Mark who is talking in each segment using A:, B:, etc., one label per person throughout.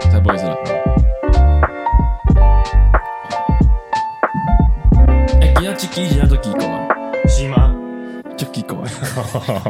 A: 太不好意思了。哎、
B: 欸，今天這幾件都幾高啊？是嗎？就幾高啊！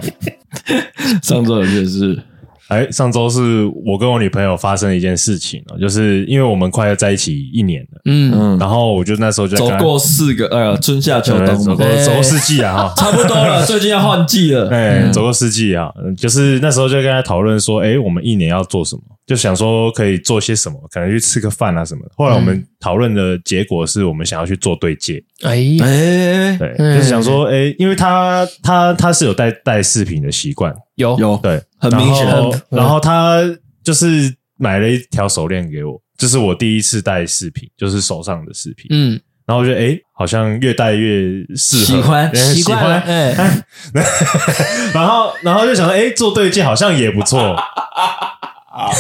B: 上周有件事，哎、欸，上周是我跟我女朋友發生了一件事情哦，就是因為我們快要在一起一年了，嗯嗯，然後我就那時候就走過四個，哎、呃、呀，春夏秋冬，嗯對對對走，過欸、走過四季啊，差不多了，最近要換季了，哎、嗯欸，走過四季啊，就是那時候就跟他討論說，哎、欸，我們一年要做什麼？就想說可以做些什麼，可能去吃個飯啊什麼的。後來我們討論的結果是我們想要去做對戒。
C: 哎、嗯欸，對、欸，就是想說，
B: 哎、欸，因為他他他，他是有戴戴飾品的習慣，有有，對，很明顯。然後他就是買了一條手鏈給我，這、嗯就是我第一次戴飾品，就是手上的飾品。嗯，然後我覺得，哎、欸，好像越戴越適合，喜歡，喜歡，哎、欸。欸、 然後，然後就想說哎、欸，做對戒好像也不錯。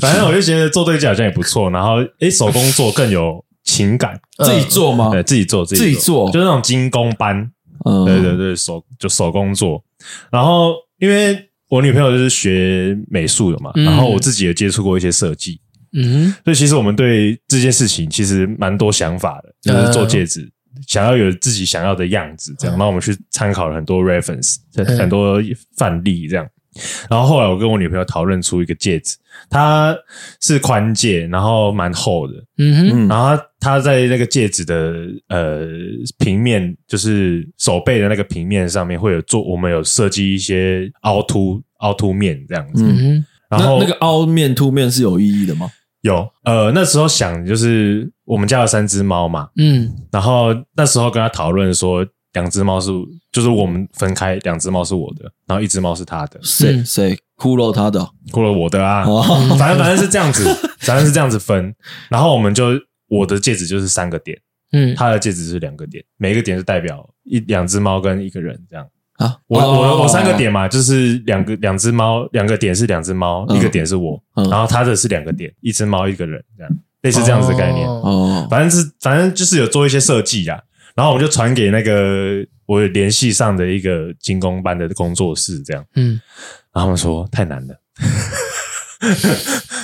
B: 反正我就覺得做對戒好像也不錯，然後誒、欸，手工做更有情感，呃，自己做嗎？對，自己做自己做，自己做，就那種金工班，嗯、呃，對對對，手就手工做。然後因為我女朋友就是學美術的嘛、嗯，然後我自己也接觸過一些設計，嗯，所以其實我們對這件事情其實蠻多想法的，就是做戒指，呃，想要有自己想要的樣子這樣。然後我們去參考了很多 reference、嗯、很多範例這樣。然後後來我跟我女朋友討論出一個戒指，它是寬戒，然後蠻厚的，嗯哼，然後它，它在那個戒指的呃平面，就是手背的那個平面上面會有做，我們有設計一些凹凸凹凸面這樣子，嗯哼，然後那，那個
A: 凹面凸面是有意義的嗎？
B: 有，呃，那時候想就是我們家有三隻貓嘛，嗯，然後那時候跟他討論說。兩隻貓是就是我們分開，兩隻貓是我的，然後一隻貓是他的。誰誰哭了？他的、哦、哭了我的啊、哦！反正反正是這樣子， 反正是這樣子分。然後我們就我的戒指就是三個點，嗯，他的戒指是兩個點，每一個點是代表一兩隻貓跟一個人這樣。啊，我我、哦哦哦哦哦、我三個點嘛，就是兩個兩隻貓，兩個點是兩隻貓，嗯、一個點是我，嗯、然後他的是兩個點，一隻貓一個人這樣，類似這樣子的概念。哦，哦，哦哦、反正是反正就是有做一些設計呀、啊。然後我就傳給那個我聯繫上的一個金工班的工作室，這樣。嗯，然後他們說、嗯、太難了。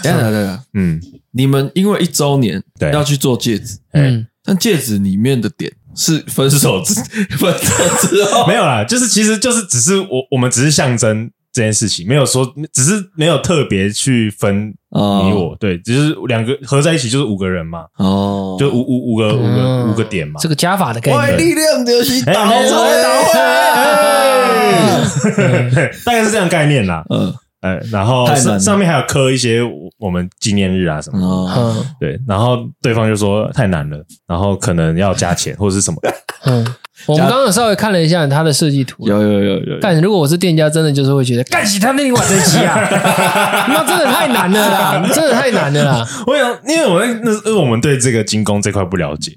B: 對了對了，嗯，你們因為一周年對要去做戒指，
A: 嗯，但
B: 戒指裡面的點是分手之
A: 分手之
B: 後沒有啦，就是其實就是只是我我們只是象徵。這件事情沒有說，只是沒有特別去分你我，對，只、就是兩個合在一起就是五個人嘛，哦，Lion, 就，五 oh. 就五五五個五個五個點嘛，這個加法的概念。謝謝外力量
C: 的遊戲，打會、hey, yeah，
B: 大概是這樣概念啦。嗯，哎、呃呃欸，然後上上面還有刻一些我們紀念日啊什麼的。嗯，uh. 對。然後對方就說太難了，然後可能要加錢或者是什麼。笑
C: 嗯，我們剛剛有稍微看了一下他的設計圖，有有有有。但如果我是店家，真的就是會覺得，幹洗他那一碗蒸雞啊，那真的太難了啦，真的太難了啦。
B: 為什麼，因為我那，因為我們對這個精工這塊不了解，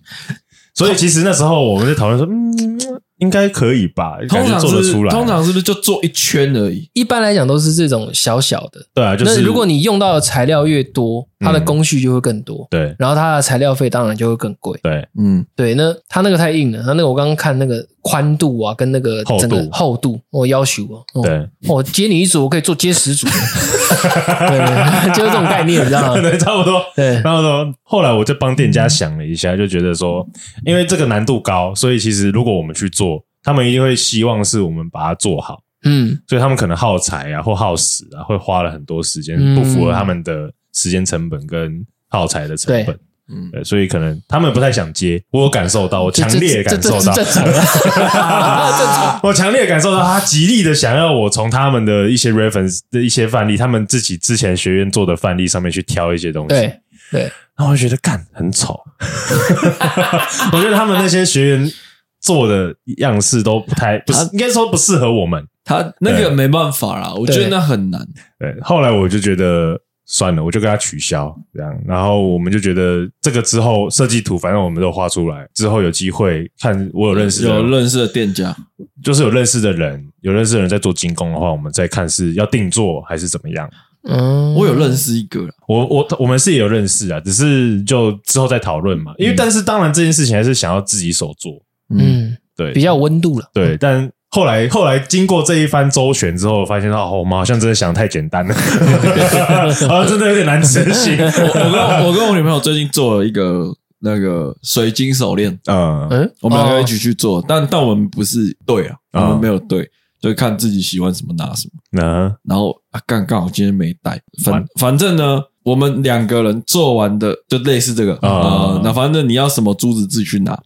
B: 所以其實那時候我們就討論說，嗯。應該可以吧？通常是是是做得出來。通
C: 常是不是就做一圈而已？一般來講都是這種小小的。對啊，就是那如果你用到的材料越多、嗯，它的工序就會更多。對，然後它的材料費當然就會更貴。對，嗯，對。那它那個太硬了。它那個我剛剛看那個寬度啊，跟那個，整個厚度厚度我、哦、要求、啊、哦。對，我、哦、接你一組，我可以做接十組。對 就是這種概念， 你知道嗎？對，差不多。
B: 對，差不多。然後說，後來我就幫店家想了一下，就覺得說，因為這個難度高，所以其實如果我們去做。他們一定會希望是我們把它做好，嗯，所以他們可能耗材啊，或耗時啊，會花了很多時間，不符合他們的時間成本跟耗材的成本，對嗯對，所以可能他們不太想接。我有感受到，我強烈的感受到， 我強烈感受到，他極力的想要我從他們的一些 reference 的一些範例，他們自己之前學員做的範例上面去挑一些東西，對對，然後我就覺得幹很醜， 我覺得他們那些學員。做的樣式都不太，不是應該說不適合我們，他那個沒辦法啦，我覺得那很難。對，對後來我就覺得算了，我就跟他取消這樣，然後我們就覺得這個之後設計圖，反正我們都畫出來，之後有機會看，我有認識有認識的店家，就是有認識的人，有認識的人在做金工的話，我們再看是要定做還是怎麼樣。嗯，我有認識一個，我我我們是也有認識啊，只是就之後再討論嘛，因為但是當然這件事情還是想要自己手做。嗯，對，比較有溫度了。對，嗯、但後來後來經過這一番周旋之後，發現啊、哦，我們好像真的想得太簡單了，好 像、 啊、
A: 真的有點難執行。 我跟我跟我女朋友最近做了一個那個水晶手鏈，嗯，我們兩個一起去做，嗯、但但我們不是對啊、嗯，我們沒有對，就看自己喜歡什麼拿什麼。嗯、然後、啊、剛剛好今天沒帶，反反正呢，我們兩個人做完的就類似這個啊，那、嗯呃、反正你要什麼珠子自己去拿。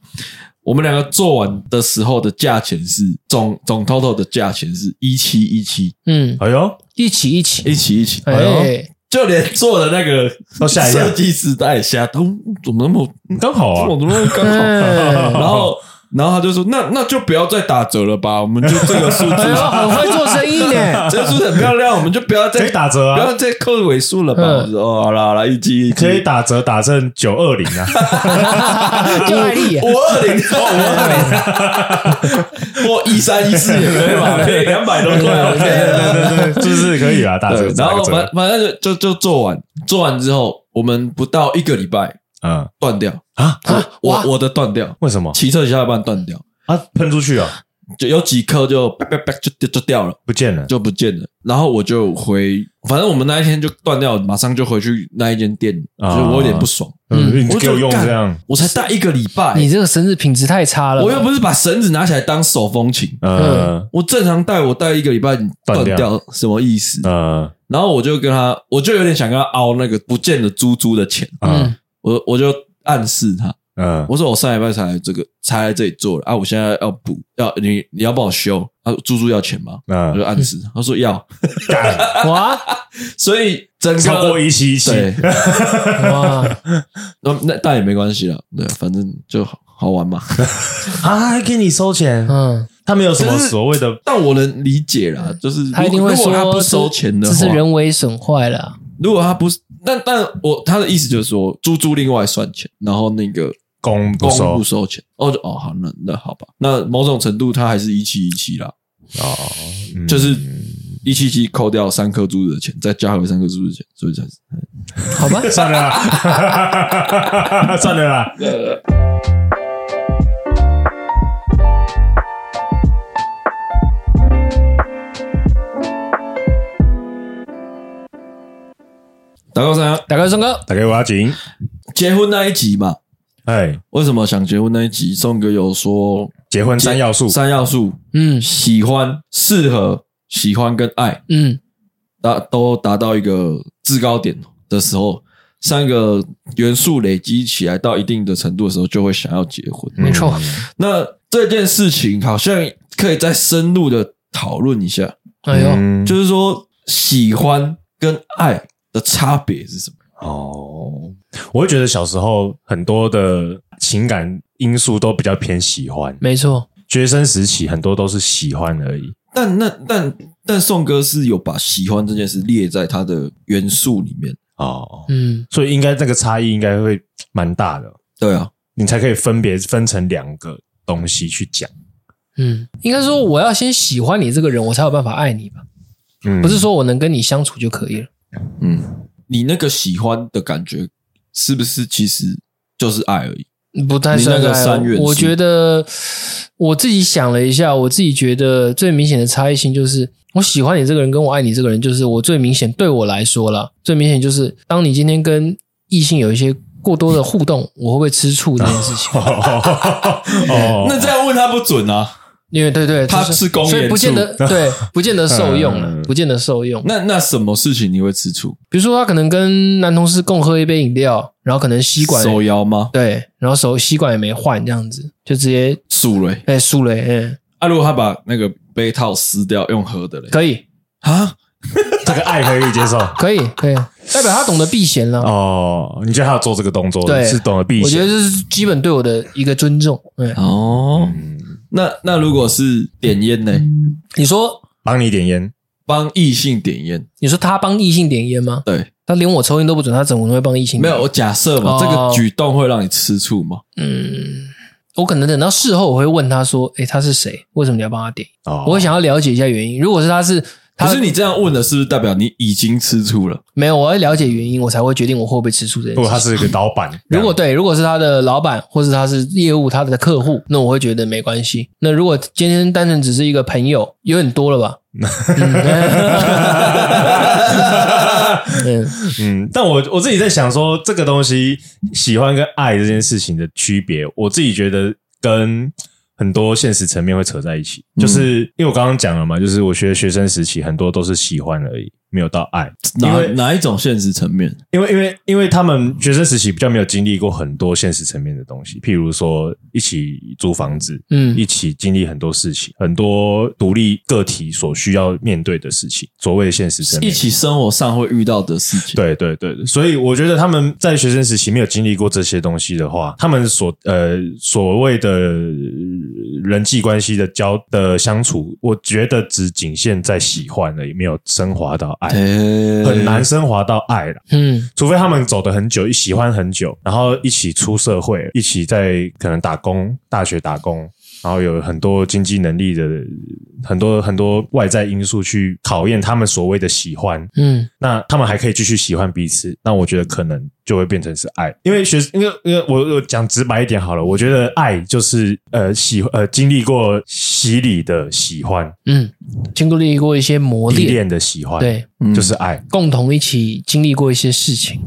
A: 我們兩個做完的時候的價錢是總總 total 的價錢是一七一七，嗯，哎呦，一起一起一起一起哎，哎呦，就連做的那個設計師帶蝦都怎麼那麼剛好啊？怎麼那麼剛好？哎、 然後。然後他就說：“那那就不要再打折了吧，我們就這個數字，哎、很
B: 會做生意
C: 耶，
A: 這個、數字很漂
B: 亮，我們就不要再可以打折，啊，不要再扣尾數了吧。”我說：“哦、好了好了，一記一可以打折打成九二零啊，
C: 五二零，五二零， 過一三一四也
B: 可以嘛，對，兩百多塊，OK，對對對對，是對不對對、就是可以啊？打折，打折然後反
A: 反正就就就做完，做完之後，我們不到一個禮拜。”嗯斷，斷掉，掉啊！我我的斷掉，為什麼騎車下班斷掉啊？噴出去了、啊，就有幾顆就，就就掉就掉了，不見了，就不見了。然後我就回，反正我們那一天就斷掉，馬上就回去那一間店。所以我有點不爽、啊。嗯，嗯，你給我用這樣，我才戴一個禮拜、欸，
C: 你這個繩子品質太差了。我又不是
A: 把繩子拿起來當手風琴。嗯，嗯，我正常戴，我戴一個禮拜斷掉，什麼意思？嗯，嗯，然後我就跟他，我就有點想跟他凹那個不見的珠珠的錢。嗯。我我就暗示他，嗯，我說我上禮拜才來這個才來這裡做的，啊，我現在要補，要你你要幫我修啊，租租要錢嗎？嗯，我就暗示，他說要干。哇，所以整個過一七一七哇，那那但也沒關係了，對，反正就好好玩嘛，
C: 啊，他還給你收錢，嗯，他沒有什麼
A: 所謂的，但我能理解啦，就是他如,如果他不收錢的，只是人
C: 為損壞了、啊，如果他
A: 不是。但但我他的意思就是說，珠珠另外算錢，然後那個公不收公不收錢。哦，就哦好，那那好吧，那某種程度他還是一期一期啦。哦、啊嗯，就是一期一期扣掉三顆珠子的錢，再加回三顆珠子的錢、嗯，所以才是、嗯、好
B: 吧，算了，算了啦。 算了啦 算了啦
A: 大哥，三哥，大哥，三哥，大哥，我阿錦結婚那一集嘛？哎，為什麼想結婚那一集？宋哥有說結婚三要素，三要素，嗯，喜歡、適合、喜歡跟愛，嗯，達都達到一個制高點的時候，三個元素累積起來到一定的程度的時候，就會想要結婚。沒錯，那這件事情好像可以再深入的討論一下。哎呦、嗯，就是說喜歡跟愛。差
B: 別是什麼？哦，我會覺得小時候很多的情感因素都比較偏喜歡沒，沒錯。學生時期很多都是喜歡而已。
A: 但那但但宋哥是有把喜歡這件事列在他的元素裡面
B: 哦。嗯，所以應該這個差異應該會蠻大的。對啊，你才可以分別分成兩個東西去講。嗯，
C: 應該說我要先喜歡你這個人，我才有辦法愛你吧？嗯，不是說我能跟你相處就可以了。嗯，你
A: 那個喜歡的感覺，是不是其實就是愛而已？不太。是那個三月，我覺
C: 得我自己想了一下，我自己覺得最明顯的差異性就是，我喜歡你這個人，跟我愛你這個人，就是我最明顯對我來說啦。最明顯就是，當你今天跟異性有一些過多的互動， 我會不會吃醋這件事情？ oh, oh, oh, oh.
B: 那這樣問他不準啊。
C: 因為對對，他是公，所以不見得
A: 對，不見得受用了，不見得受用 那。那那什麼事情你會吃醋？
C: 比如說他可能跟男同事共喝一杯飲料，然後可能吸管收腰嗎？對，然後手吸管也沒換，這樣子就直接輸了。誒輸了。嗯，阿、
A: 哎啊、如果他把那個杯套撕
B: 掉用喝的嘞，可以啊，這個愛可以接受，
C: 可以可以，代表他懂得避嫌了。
B: 哦，你覺得他做這個動作對是懂得避嫌？我覺得這
C: 是基本對我的一個尊重。對，哦。嗯
A: 那那如果是點煙呢、嗯？你說幫你點煙，幫異性點煙？你說他幫異性點煙嗎？對。
C: 他連我抽煙都不准，他怎麼會幫異性點煙？沒有，我假設嘛、哦，這個舉
A: 動會讓你吃醋嗎？嗯，
C: 我可能等到事後我會問他說：“誒，他是誰？為什麼你要幫他點？”哦、我會想要了解一下
A: 原因。如果是他是。可是你這樣問的，是不是代表你已經吃醋了？
C: 沒有，我要了解原因，我才會決定我會不會吃醋這件事。不，他是
B: 一個老闆 ，
C: 如果對，如果是他的老闆，或是他是業務他的客戶，那我會覺得沒關係。那如果今天單純只是一個朋友，有很多了吧？ 嗯， 嗯，
B: 但我我自己在想說，這個東西喜歡跟愛這件事情的區別，我自己覺得跟。很多現實層面會扯在一起，就是、嗯、因為我剛剛講了嘛，就是我學學生時期很多都是喜歡而已。沒有到愛，因為哪、哪一種現實層面？因為因為因為他們學生時期比較沒有經歷過很多現實層面的東西，譬如說一起租房子、嗯，一起經歷很多事情，很多獨立個體所需要面對的事情，所謂現實生一起生活上會遇到的事情。對、對對對，所以我覺得他們在學生時期沒有經歷過這些東西的話，他們所呃所謂的人際關係的交的相處，我覺得只僅限在喜歡而已，也沒有升華到，愛很難升華到愛了，嗯，除非他們走得很久，喜歡很久，然後一起出社會，一起在可能打工，大學打工。然後有很多經濟能力的，很多很多外在因素去考驗他們所謂的喜歡，嗯，那他們還可以繼續喜歡彼此，那我覺得可能就會變成是愛，因為學，因為因為我，我講直白一點好了，我覺得愛就是呃喜呃經歷過洗禮的喜歡，
C: 嗯，經歷過一些磨練，練的喜歡，對，嗯，就是愛，共同一起經歷過一些事情。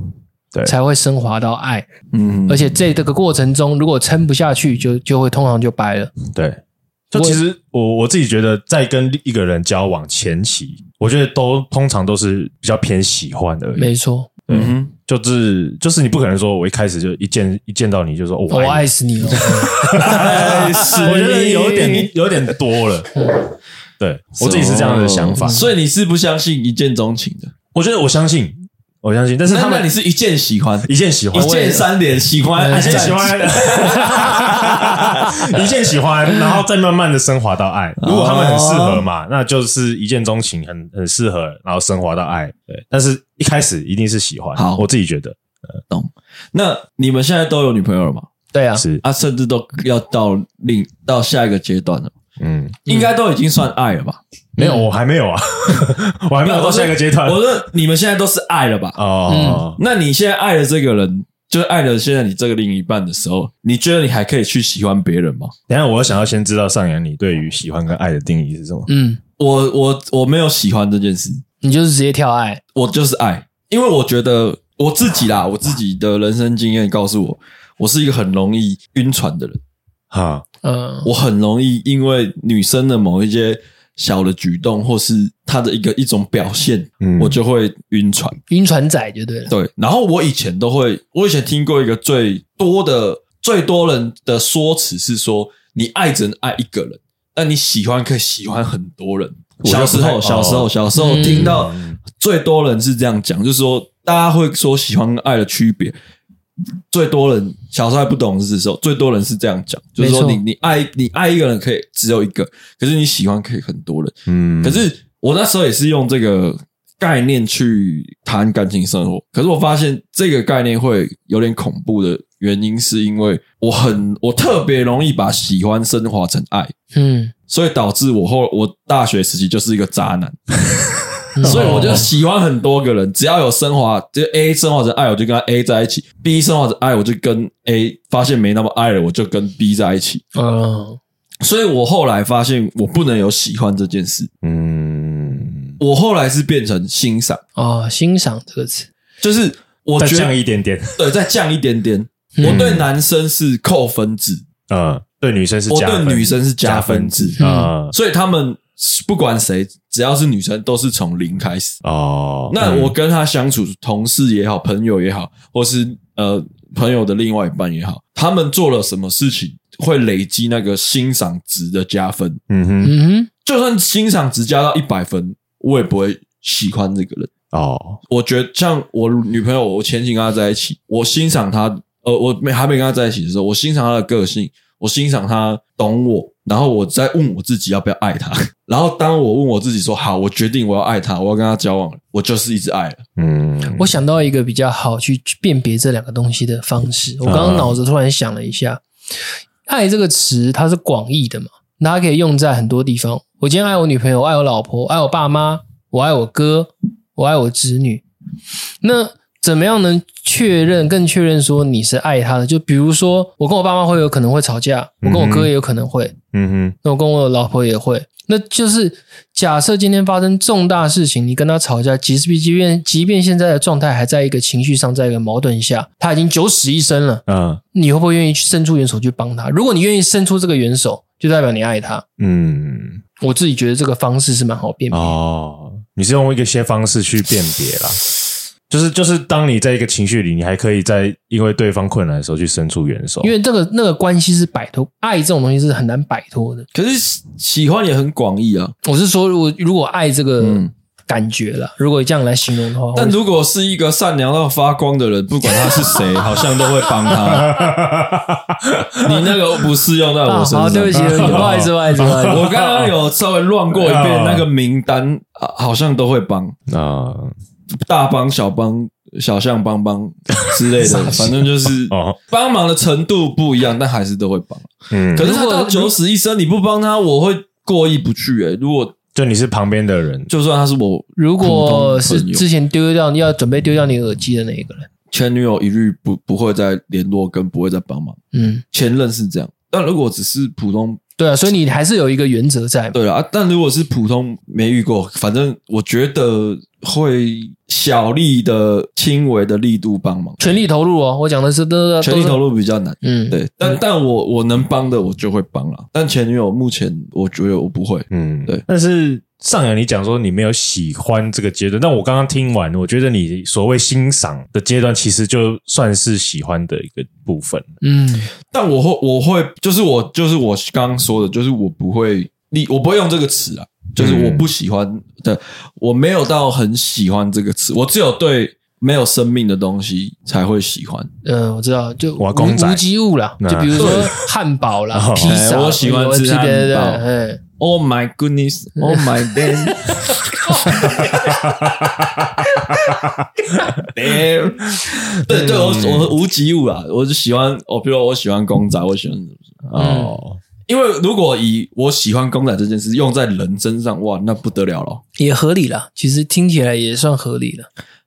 C: 對，才會升華到愛，嗯，而且在這個過程中，嗯、如果撐不下去，就就會通常就掰了。對，就其實
B: 我我，我自己覺得，在跟一個人交往前期，我覺得都通常都是比較偏喜歡的。沒
C: 錯，嗯哼，
B: 就是就是你不可能說我一開始就一見一見到你就說我愛我愛死
C: 你了， 是我覺得有點有
B: 點多了。嗯、對我自己是這樣的
A: 想法，嗯、所以你是不相信一見鍾情的？我覺得我相信。我相信，但是他
C: 們，那那你
B: 是一見喜歡，一見喜歡，一見三連喜歡，一見、啊、喜
A: 歡，
C: 一見喜歡，然後
B: 再慢慢的升華到愛。如、哦、果他們很適合嘛、哦，那就是一見鍾情很，很很適合，然後升華到愛。對，但是一開始一定是喜歡。好，我自己覺得，懂。那你們現在都有女朋友了嗎？對啊，是啊，甚至都
A: 要到另到下一個階段了。嗯，
C: 應該都
A: 已經算愛了吧？嗯嗯、沒有，我還沒有啊， 我還沒有到下一個階段。我說，你們現在都是愛了吧？啊、哦嗯，那你現在愛的這個人，就是愛的現在你這個另一半的時候，你覺得你還可以去喜歡別人嗎？等一下，我想要先知道上揚，你對於喜歡跟愛的定義是什麼？嗯我，我我我沒有喜歡這件事，你就是直接跳愛，我就是愛，因為我覺得我自己啦，我自己的人生經驗告訴我，我是一個很容易暈船的人，哈，嗯，我很容易因為女生的某一些。小的舉動，或是他的一個一種表現，我就會暈船。
C: 暈船仔就對了。對，
A: 然後我以前都會，我以前聽過一個最多的、最多人的說辭是說：你愛只能愛一個人，但你喜歡可以喜歡很多人。小時候，小時候，小時候，小時候聽到最多人是這樣講，就是說大家會說喜歡跟愛的區別。最多人小時候還不懂事的時候，最多人是這樣講，就是說你你愛你愛一個人可以只有一個，可是你喜歡可以很多人。嗯，可是我那時候也是用這個概念去談感情生活，可是我發現這個概念會有點恐怖的原因，是因為我很我特別容易把喜歡升華成愛，嗯，所以導致我後我大學時期就是一個渣男。 所以我就喜歡很多個人，只要有升華，就 A 升華成愛，我就跟他 A 在一起；B 升華成愛，我就跟 A 發現沒那麼愛了，我就跟 B 在一起。嗯，所以我後來發現我不能有喜歡這件事。嗯，我後來是變成欣賞
C: 啊、哦，欣賞這個詞就是
A: 我覺得再降一點點，對，再降一點點。嗯、我對男生是扣分制，嗯，對女生是加分制；我對女生是加分制、嗯，嗯，所以他們。不管誰，只要是女生，都是從零開始哦，那我跟她相處、嗯，同事也好，朋友也好，或是呃朋友的另外一半也好，他們做了什麼事情，會累積那個欣賞值的加分。嗯哼，就算欣賞值加到一百分，我也不會喜歡這個人哦。我覺得像我女朋友，我前幾天跟她在一起，我欣賞她，呃，我沒還沒跟她在一起的時候，我欣賞她的個性，我欣賞她懂我。然後我再問我自己要不要愛他。然後當我問我自己說：“好，我決定我要愛他，我要跟他交往，我就是一直愛。”嗯，
C: 我想到一個比較好去辨別這兩個東西的方式。我剛剛腦子突然想了一下，“啊、愛”這個詞它是廣義的嘛，那它可以用在很多地方。我今天愛我女朋友，我愛我老婆，我愛我爸媽，我愛我哥，我愛我子女。那怎麼樣能確認，更確認說你是愛他的？就比如說，我跟我爸媽會有可能會吵架、嗯，我跟我哥也有可能會，嗯哼。那我跟我老婆也會。那就是假設今天發生重大事情，你跟他吵架，即使即便即便現在的狀態還在一個情緒上，在一個矛盾下，他已經九死一生了。嗯，你會不會願意伸出援手去幫他？如果你願意伸出這個援手，就代表你愛他。嗯，我自己覺得這個方式是蠻好辨別的哦。你是用一個些方式去辨別啦。就是就是，就是、當你
B: 在一個情緒裡，你還可以在因為對方困難的時候去伸出援手。因
C: 為這個那個關係是擺脫愛這種東西是很難擺脫的。可是喜歡也很廣義啊，我是說如果如果愛這個感覺了、嗯，如果這樣來形容的話。但如
A: 果是一個善良到發光的人，不管他是誰， 好像都會幫他。
C: 你
A: 那個不適用在我身上、啊。好，對不起，對不起，不好意思，不好意思，我剛剛有稍微亂過一遍、啊、那個名單，好像都會幫啊。大幫小幫小項幫幫之類的，反正就是幫忙的程度不一樣，但還是都會幫。嗯，可是如果九死一生，你不幫他，我會過意不去，欸。誒，如果就你是旁邊的人，就算他是我，如果是之
C: 前丟掉，你要準備丟掉你耳機的那一個人，
A: 前女友一律不不會再聯絡，跟不會再幫忙。嗯，前任是這樣，但如果只是普通。對啊，所以你還是有一個原則在。對啊，但如果是普通沒遇過，反正我覺得會小力的、輕微的力度幫忙，
C: 全力投入哦。我講的是的，全力投入比較難。嗯，
A: 對，但但我我能
B: 幫的我就會幫啦。但前女友目前，我覺得我不會。嗯，對，但是。上揚，你講說你沒有喜歡這個階段，但我剛剛聽完，我覺得你所謂欣賞的階段，其實就算是喜歡的一個部分。
A: 嗯，但我會，我會，就是我，就是我剛剛說的，就是我不會，你我不會用這個詞啊，就是我不喜歡的、嗯，我沒有到很喜歡這個詞，我只有對沒有生命的東西才會喜歡。
C: 嗯，我知道，就無我說無機物啦、啊，就比如說漢堡啦，披薩， 我喜歡吃漢堡。 對
A: Oh my goodness! Oh my damn! 哈哈
C: 哈哈哈哈哈哈哈！Damn！對對，我我無
A: 機物啊，我就喜歡，我比如說我喜歡公仔，我喜歡哦、嗯，因為如果以我喜歡公仔這件事用在人身上，哇，那不得
C: 了了，也合理了，其實聽起來也算合理
B: 的。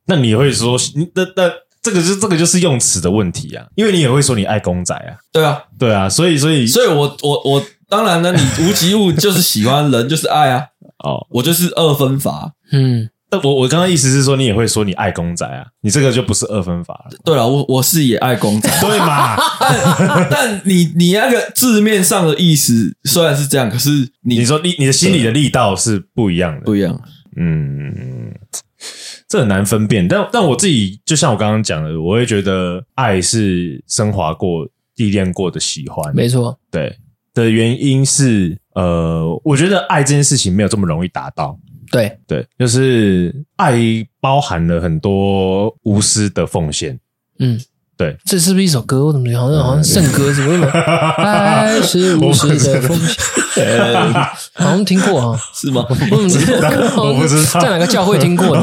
B: 那你會說，那那這個就這個就是用詞的問題啊，因為你也會說你愛公仔啊，對啊，對啊，所以所以所以我我我。我當然呢，你無極物就是喜歡 人，就是愛啊。哦，我就是二分法。嗯，但我我剛剛意思是說，你也會說你愛公仔啊？你這個就不是二分法了。對了，我我是也愛公仔， 對嘛。但，但你你那個字面上的意思雖然是這樣，可是你，你說你你的心裡的力道是不一樣的，不一樣。嗯，這很難分辨。但但我自己就像我剛剛講的，我會覺得愛是升華過、歷練過的喜歡。沒錯，對。的原因是，呃，我覺得愛這件事情沒有這麼容易達到。對，對，就是愛包含了很多無私的奉獻。嗯，對，
C: 這是不是一首歌？我怎麼覺得好像、嗯、好像聖歌是不是愛是無私的奉獻。 好像聽過啊？是嗎？嗯，我不知道 在哪個教會聽過的？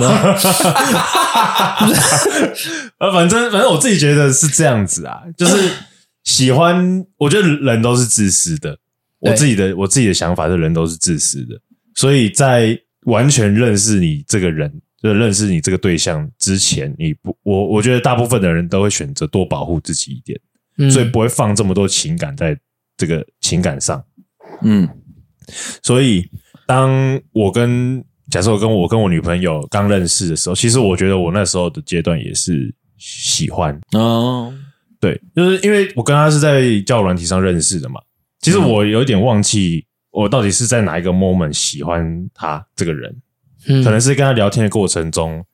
B: 呃， 反正反正我自己覺得是這樣子啊，就是。 喜歡，我覺得人都是自私的。我自己的，我自己的想法是人都是自私的，所以在完全認識你這個人，就認識你這個對象之前，你不，我我覺得大部分的人都會選擇多保護自己一點。嗯，所以不會放這麼多情感在這個情感上。嗯，所以當我跟，假設我跟我跟我女朋友剛認識的時候，其實我覺得我那時候的階段也是喜歡。嗯。哦。對，就是因為我跟他是在交友軟體上認識的嘛。其實我有一點忘記，我到底是在哪一個 moment 喜歡他這個人。嗯、可能是跟他聊天的過程中，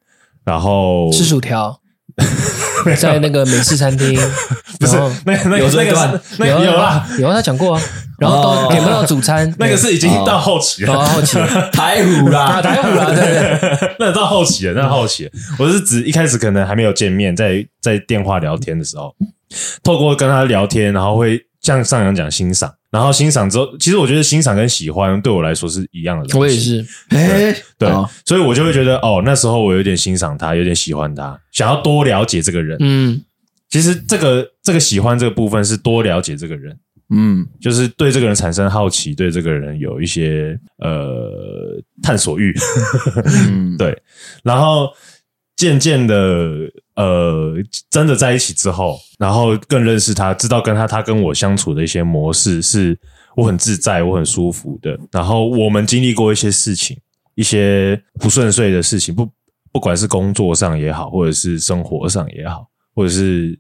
B: 然後吃薯
C: 條， 在那個美式餐廳。 不是，那那有那個，那有啊，有啊，他講過啊。然後都點不到主餐、哦，那個是已經到後期了。好、哦、奇， 台虎
B: 啦， 啊、台虎啦，對，對，對 那到後期了，那到後期了。我是指一開始可能還沒有見面，在在電話聊天的時候。透過跟他聊天，然後會像上揚講欣賞，然後欣賞之後，其實我覺得欣賞跟喜歡對我來說是一樣的東西。我也是，哎，對，對、哦，所以我就會覺得，哦，那時候我有點欣賞他，有點喜歡他，想要多了解這個人。嗯，其實這個這個喜歡這個部分是多了解這個人，嗯，就是對這個人產生好奇，對這個人有一些呃探索欲。 嗯，對，然後漸漸的。呃，真的在一起之後，然後更認識他，知道跟他他跟我相處的一些模式，是我很自在、我很舒服的。然後我們經歷過一些事情，一些不順遂的事情，不不管是工作上也好，或者是生活上也好，或者是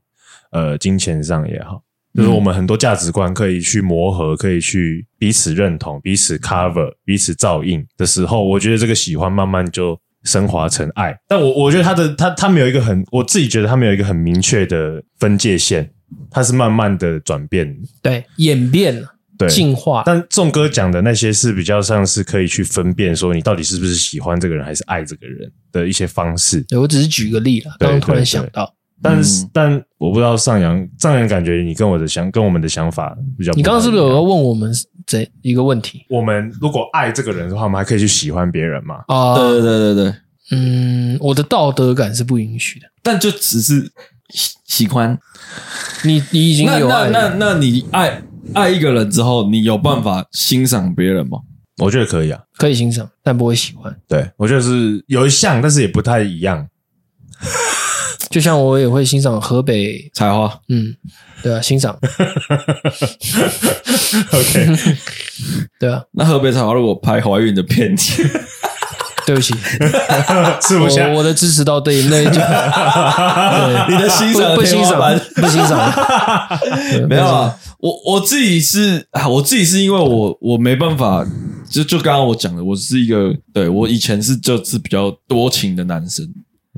B: 呃金錢上也好，就是我們很多價值觀可以去磨合，可以去彼此認同、彼此 cover、彼此照應的時候，我覺得這個喜歡慢慢就。昇華成愛，但我我覺得他的他他沒有一個很，我自己覺得他沒有一個很明確的分界線，它是慢慢的轉變，對，
C: 演變，對，進化。
B: 但眾哥講的那些是比較像是可以去分辨說你到底是不是喜歡這個人還是愛這個人的一些方式。對，我只是舉個例啦，剛剛突然想到。對對對但是、嗯，但我不知道上揚上揚，感覺你跟我的想跟我們的想法比較不。你剛剛是不是有問我們這一個問題？我們如果愛這個人的話，我們還可以去喜歡別人嗎？
C: 啊、呃，對對對對對。嗯，我的道德感是不允許的。但就只是喜歡你，你已經有愛過了。那那、
A: 那、那你愛愛一個人之後，你有辦法欣賞別人嗎？我覺得可以啊，
C: 可以欣賞，但不會喜歡。對，我覺得是有一項，但是也不太一樣。 就像我也會欣賞河北彩花，嗯，對啊，欣賞 ，OK，哈哈哈對
A: 啊。那河北彩花如果拍懷孕的片子，
C: 對不起，是不是我，我的支持到這，那 就你的欣賞不欣賞？不欣賞。欣 沒有啊，
A: 我我自己是啊，我自己是因為我我沒辦法，就就剛剛我講的，我是一個對我以前是就是比較多情的男生。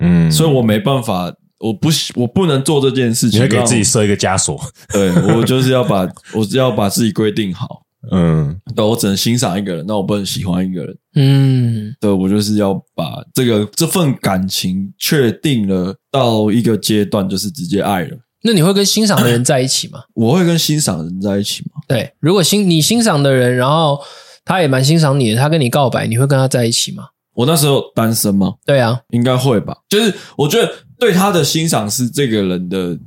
A: 嗯，所以我沒辦法，我不，我不能做這件事情，我給自己設
B: 一個枷鎖。 對，我就
A: 是要把，我要把自己規定好。嗯，但我只能欣賞一個人，那我不能喜歡一個人。
B: 嗯，
A: 對，我就是要把這個這份感情確定了到一個階
C: 段，就是直接愛了。那你會跟欣賞的人在一起嗎？ 我會跟欣賞的人在一起嗎？對，如果欣你欣賞的人，然後他也蠻欣賞你的，他跟你告白，你會跟他在一起嗎？
A: 我那時候單身嗎？對啊，應該會吧。就是我覺得對他的欣賞是這個人的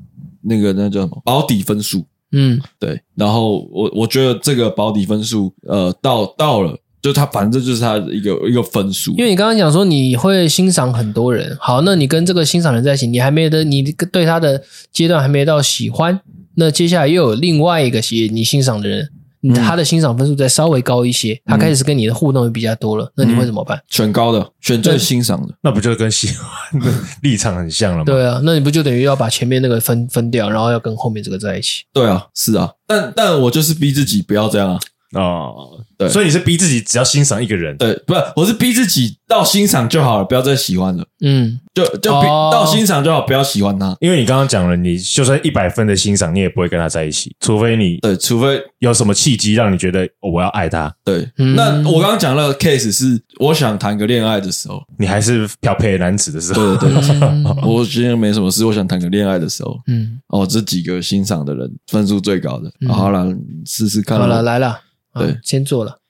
A: 那個那叫什麼保底分數。嗯，對。然後我我覺得這個保底分數呃到到了，就他反正就是他的一個一個分
C: 數。因為你剛剛講說你會欣賞很多人，好，那你跟這個欣賞的人在一起，你還沒得，你對他的階段還沒到喜歡，那接下來又有另外一個你欣賞的人。他的欣賞分數再稍微高一些、嗯，他開始是跟你的互動也比較多了、嗯，那你會怎麼辦？
A: 選高的，選最欣賞的，那不就跟喜歡的立場很像了嗎？
C: 對啊，那你不就等於要把前面那個分分掉，然後要跟後面這個在一起？
A: 對啊，是啊，
C: 但但我就是逼
A: 自己不要這樣啊，啊、哦，對，所以你是逼自己只要欣賞一個人，對，不是，我是逼自
B: 己到欣賞就好了，不要再喜歡了，嗯。就就、oh. 到欣賞就好，不要喜歡他。因為你剛剛講了，你就算一百分的欣賞，你也不會跟他在一起，除非你，對，除非有什麼契機讓你覺得、哦、我要愛他。對，嗯、那我
A: 剛剛講那個 case 是，我想談個戀愛的時候，你還是標配男子的時候。對對對、嗯，我今天沒什麼事，我想談個戀愛的時候，嗯，哦，這幾個欣賞的人分數最高的，好、嗯、了，試
C: 試看，好了來了，對，先做了。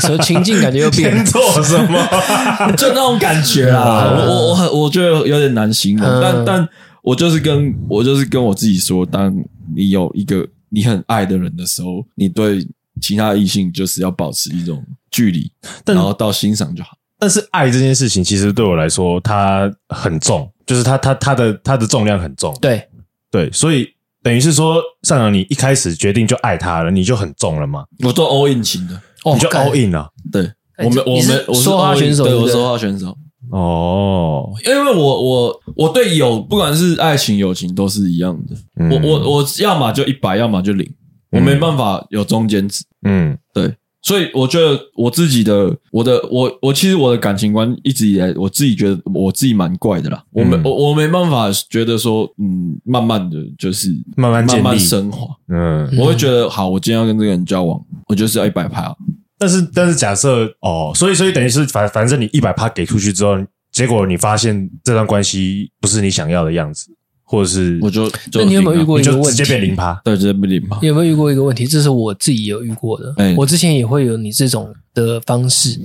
C: 所 以情境感覺又變，今天做什麼
A: 就那種感覺啦，啊。 我我很我覺得有點難形容，但但我就是跟我就是跟我自己說，當你有一個你很愛的人的時候，你對其他異性就是要保持一種距離，然後
B: 到欣賞就好。但是愛這件事情，其實對我來說，它很重，就是它它它的它的重量很重。對對，所以等於是說，上揚，你一開始決定就愛他了，你就很重了嘛？我做 all in 型的。比較 all in，啊對，欸、all in 是是對。我們我們我說話選手，對我說話選手。哦，
A: 因為我我我對有不管是愛情友情，都是一樣的，嗯、我我我要麼就一百，要麼就零，我沒辦法有中間值，嗯，對。所以我覺得我自己的我的我我其實我的感情觀，一直以來我自己覺得我自己蠻怪的啦，嗯、我沒我我沒辦法覺得說嗯，慢慢的就是慢慢建立慢慢升華，嗯，我會覺
B: 得、嗯、好，我今天要跟這個人交往，我就是要一百趴，但是但是假設哦，所以所以等於是反反正你一百趴給出去之後，結果你發現這段關係不是你想要的樣子。或者是我就，就，那你有沒有遇過一個問題就直接變零趴？對，直接變零趴。
C: 你有沒有遇過一個問題？這是我自己有遇過的。欸、我之前也會有你這種的方式。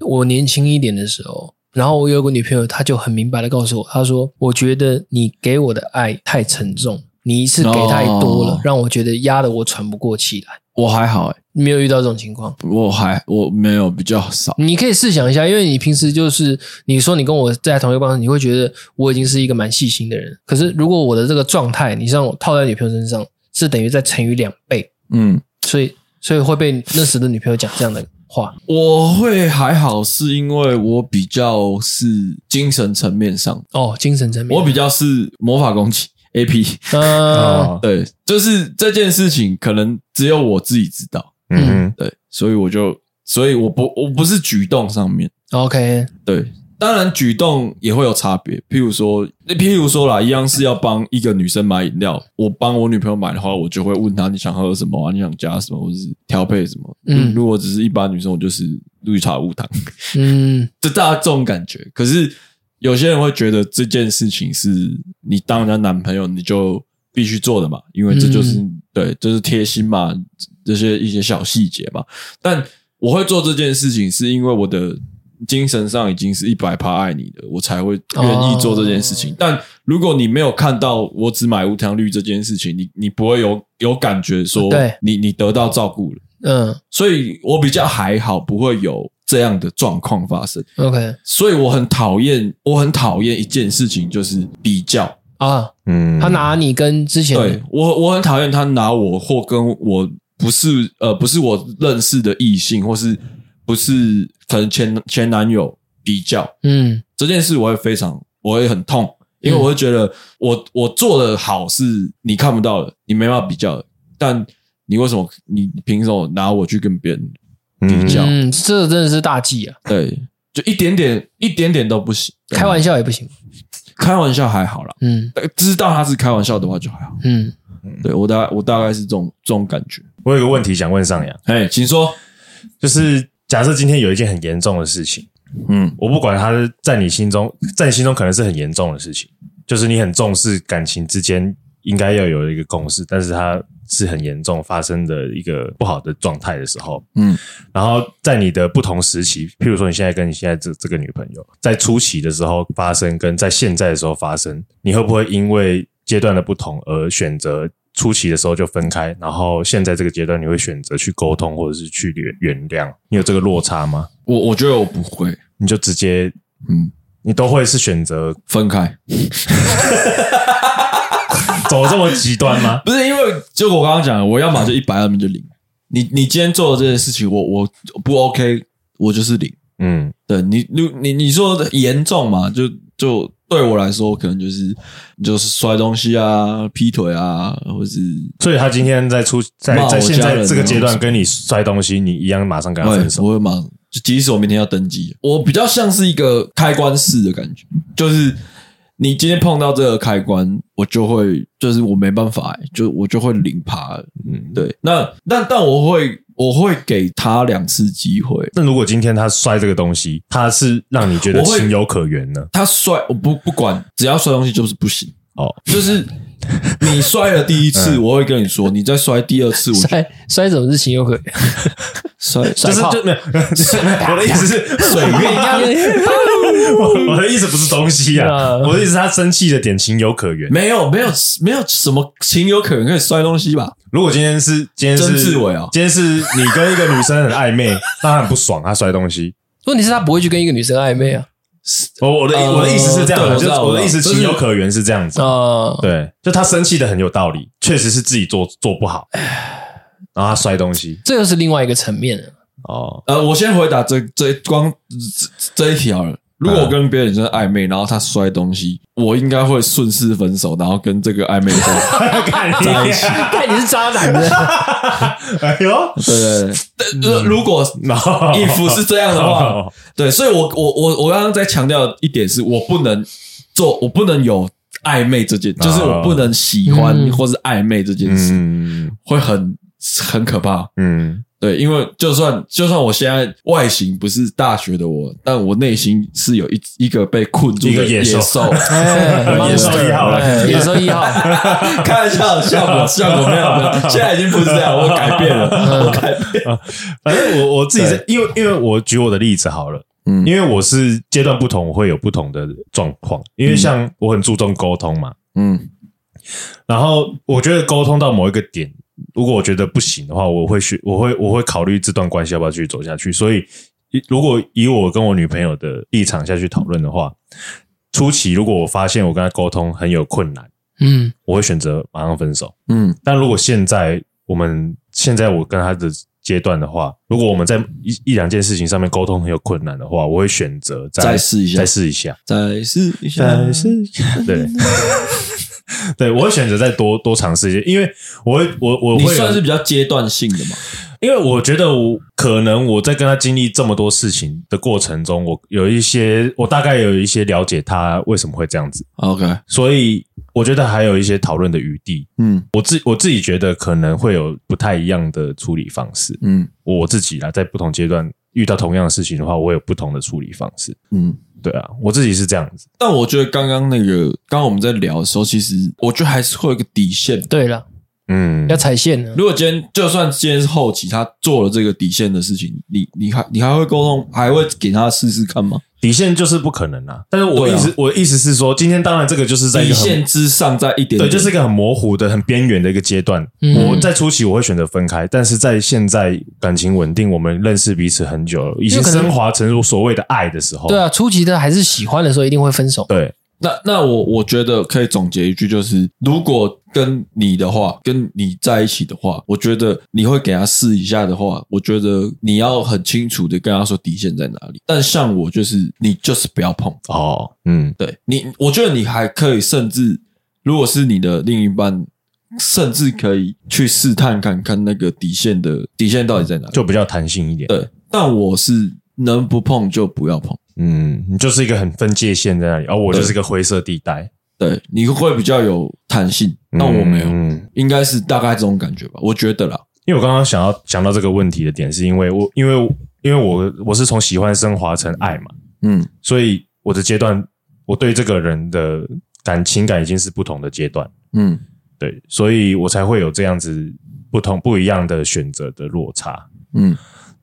C: 我年輕一點的時候，然後我有一個女朋友，她就很明白的告訴我，她說：“我覺得你給我的愛太沉重，你一次給太多了，哦、讓我覺得壓得我喘不過氣來。”我還好、欸，哎，沒有遇到這種情況。我還我沒有比較少。你可以試想一下，因為你平時就是你說你跟我在同一個辦公室，你會覺得我已經是一個蠻細心的人。可是如果我的這個狀態，你像我套在女朋友身上，是等於在乘以兩倍。嗯，所以所以會被認識的女朋友講這樣的話。我會
A: 還好，是因為我比較是精神層面上哦，精神層面，我比較是魔法攻擊。AP，呃、uh, 對，就是這件事情可能只有我自己知道，嗯、mm -hmm.，對，所以我就，所以我不，我不是舉動上面，OK，對，當然舉動也會有差別，譬如說，譬如說啦，一樣是要幫一個女生買飲料，我幫我女朋友買的話，我就會問她你想喝什麼，啊、你想加什麼，或是調配什麼，嗯、mm -hmm.，如果只是一般女生，我就是綠茶無糖，嗯、mm
C: -hmm.，
A: 就大家這種感覺，可是。有些人會覺得這件事情是你當人家男朋友你就必須做的嘛，因為這就是、嗯、對，就是貼心嘛，這些一些小細節嘛。但我會做這件事情，是因為我的精神上已經是一百趴愛你的，我才會願意做這件事情。哦、但如果你沒有看到我只買無糖綠這件事情，你你不會有有感覺說你你得到照顧了、哦。嗯，所以我比較還好，不會有。這樣的狀況發生，OK，所以我很討厭，我很討厭一件事情，就是比較啊，嗯，他拿
C: 你跟之前對
A: 我，我很討厭他拿我或跟我不是呃，不是我認識的異性，或是不是可能前前男友比較，嗯，這件事我會非常，我會很痛，因為我會覺得我、嗯、我做的好是你看不到的，你沒辦法比較的，但你為什麼，你憑什麼拿我去跟別人？比較，嗯，
C: 這真的是大忌啊！
A: 對，就一點點，一點點都不行，開玩笑也不行，開玩笑還好啦。嗯，知道他是開玩笑的話就還好，嗯，對，我大概我大概是這種這種
B: 感覺。我有個問題想問上陽，哎，請說，就是假設今天有一件很嚴重的事情，嗯，我不管他在你心中，在你心中可能是很嚴重的事情，就是你很重視感情之間。應該要有一個共識，但是它是很嚴重發生的一個不好的狀態的時候，嗯，然後在你的不同時期，譬如說你現在跟你現在這這個女朋友在初期的時候發生，跟在現在的時候發生，你會不會因為階段的不同而選擇初期的時候就分開？然後現在這個階段你會選擇去溝通，或者是去原原諒？你有這個落差嗎？我我覺得我不會，你就直接嗯，你都會是選擇分開。 走這麼極端嗎？不是，因為結果我剛剛講，我要買
A: 就一百，嗯，要買就領。你你今天做的這件事情，我我不 OK，我就是領。嗯，對，你你你你說的嚴重嘛，就就對我來說，可能就是就是摔東西啊，劈腿啊，或者是。所以他今天在出在在現在這個階段跟，跟你摔東西，你一樣馬上跟他分手。我會馬上，就即使我明天要登記，我比較像是一個開關式的感覺，就是。你今天碰到這個開關，我就會，就是我沒辦法、欸，就我就會零爬。嗯，對，那那但我會，我會給他兩次機會。那如果今天他摔這個東西，他是讓你覺得情有可原呢？他摔，我不不管，只要摔東西就是不行。哦，就是你摔了第一次，嗯、我會跟你說，你再摔第二
C: 次，我摔摔怎麼是情有可原？摔摔就是就沒有。我的意思是 水面
B: 一樣 我的意思不是東西啊，啊！我的意思，他生氣的點情有可原，嗯。沒有，沒有，沒有什麼情有可原可以摔東西吧？如果今天是今天是曾志偉啊，今天是你跟一個女生很曖昧，他 很不爽，他摔東西。
C: 問題是，他不會去跟一個女生曖昧啊。我我的我的意思是這樣，就、呃、是我，我，我的意思情有可
B: 原是這樣子。就是、對，就他生氣的很有道理，確實是自己做做不好，然後他摔東西，這個是另外一個層面的。哦，呃，我先回答這這
A: 光這一題了。如果我跟別人真的曖昧，然後他摔東西，我應該會順勢分手，然後跟這個曖昧在一起。
C: 看 你、啊、 你是渣男是不是？哎
B: 呦，
A: 對、對、對、嗯，如果衣服是這樣的話，對，所以我，我我我我剛剛在強調一點是，我不能做，我不能有曖昧這件，就是我不能喜歡或者曖昧這件事，嗯、會很很可怕，嗯。對，因為就算就算我現在外形不是大學的我，但我內心是有一一個被困住的野獸，野獸一號、 哎，野獸一號，開、哎、玩、哎、笑
B: 看一下，效果 效果沒有，現在已經不是這樣，我改變了， 我改變。啊、反正我我自己在，因為因為我舉我的例子好了、嗯，因為我是階段不同，我會有不同的狀況。因為像我很注重溝通嘛，嗯，然後我覺得溝通到某一個點。如果我覺得不行的話，我會選，我會我會考慮這段關係要不要繼續走下去。所以，如果以我跟我女朋友的立場下去討論的話，初期如果我發現我跟她溝通很有困難，嗯，我會選擇馬上分手，嗯。但如果現在我們現在我跟她的階段的話，如果我們在一一兩件事情上面溝通很有困難的話，我會選擇再，再試一下，再試一下，再試一下，再試一下，再試一下，對。 對，我會選擇再多多嘗試一些，因為我我我會你算是比較
A: 階段性的嘛，
B: 因為我覺得我可能我在跟他經歷這麼多事情的過程中，我有一些，我大概有一些了解他為什麼會這樣子。OK，所以我覺得還有一些討論的餘地。嗯，我自我自己覺得可能會有不太一樣的處理方式。嗯，我自己啊，在不同階段遇到同樣的事情的話，我會有不同的處理方式。嗯。對啊，我自己是這樣子，但我覺得剛剛那個，剛剛我們
A: 在聊的時候，其實我覺得還是會有一個底線。對啦，嗯，要踩線呢，如果今天就算今天是後期，他做了這個底線的事情，你你還你還會溝通，還會
B: 給他試試看嗎？底線就是不可能啊！但是我意思、啊，我的意思是說，今天當然這個就是在底線之上再一點點，對，就是一個很模糊的、很邊緣的一個階段、嗯。我在初期我會選擇分開，但是在現在感情穩定，我們認識彼此很久，已經升華成所謂的愛的時候，對
C: 啊，初期的還是喜歡的時候一定會分手，對。
B: 那那我我覺得
A: 可以總結一句，就是如果跟你的話，跟你在一起的話，我覺得你會給他試一下的話，我覺得你要很清楚的跟他說底線在哪裡。但像我就是，你就是不要碰。哦，嗯，對，你，我覺得你還可以，甚至如果是你的另一半，甚至可以去試探看看那個底線的底線到底在哪裡，就比較彈性一點。對，但我是。能不碰就不要碰。嗯，你就是一個很分界線在那裡，而、哦、我就是一個灰色地帶。對，
B: 對你會比較有彈性，那我沒有、嗯，應該是大概這種感覺吧？我覺得啦，因為我剛剛想要講到這個問題的點是，是因，因為我，因為因為我我是從喜歡升華成愛嘛，嗯，所以我的階段，我對這個人的感情感已經是不同的階段，嗯，對，所以我才會有這樣子不同不一樣的選擇的落差，嗯。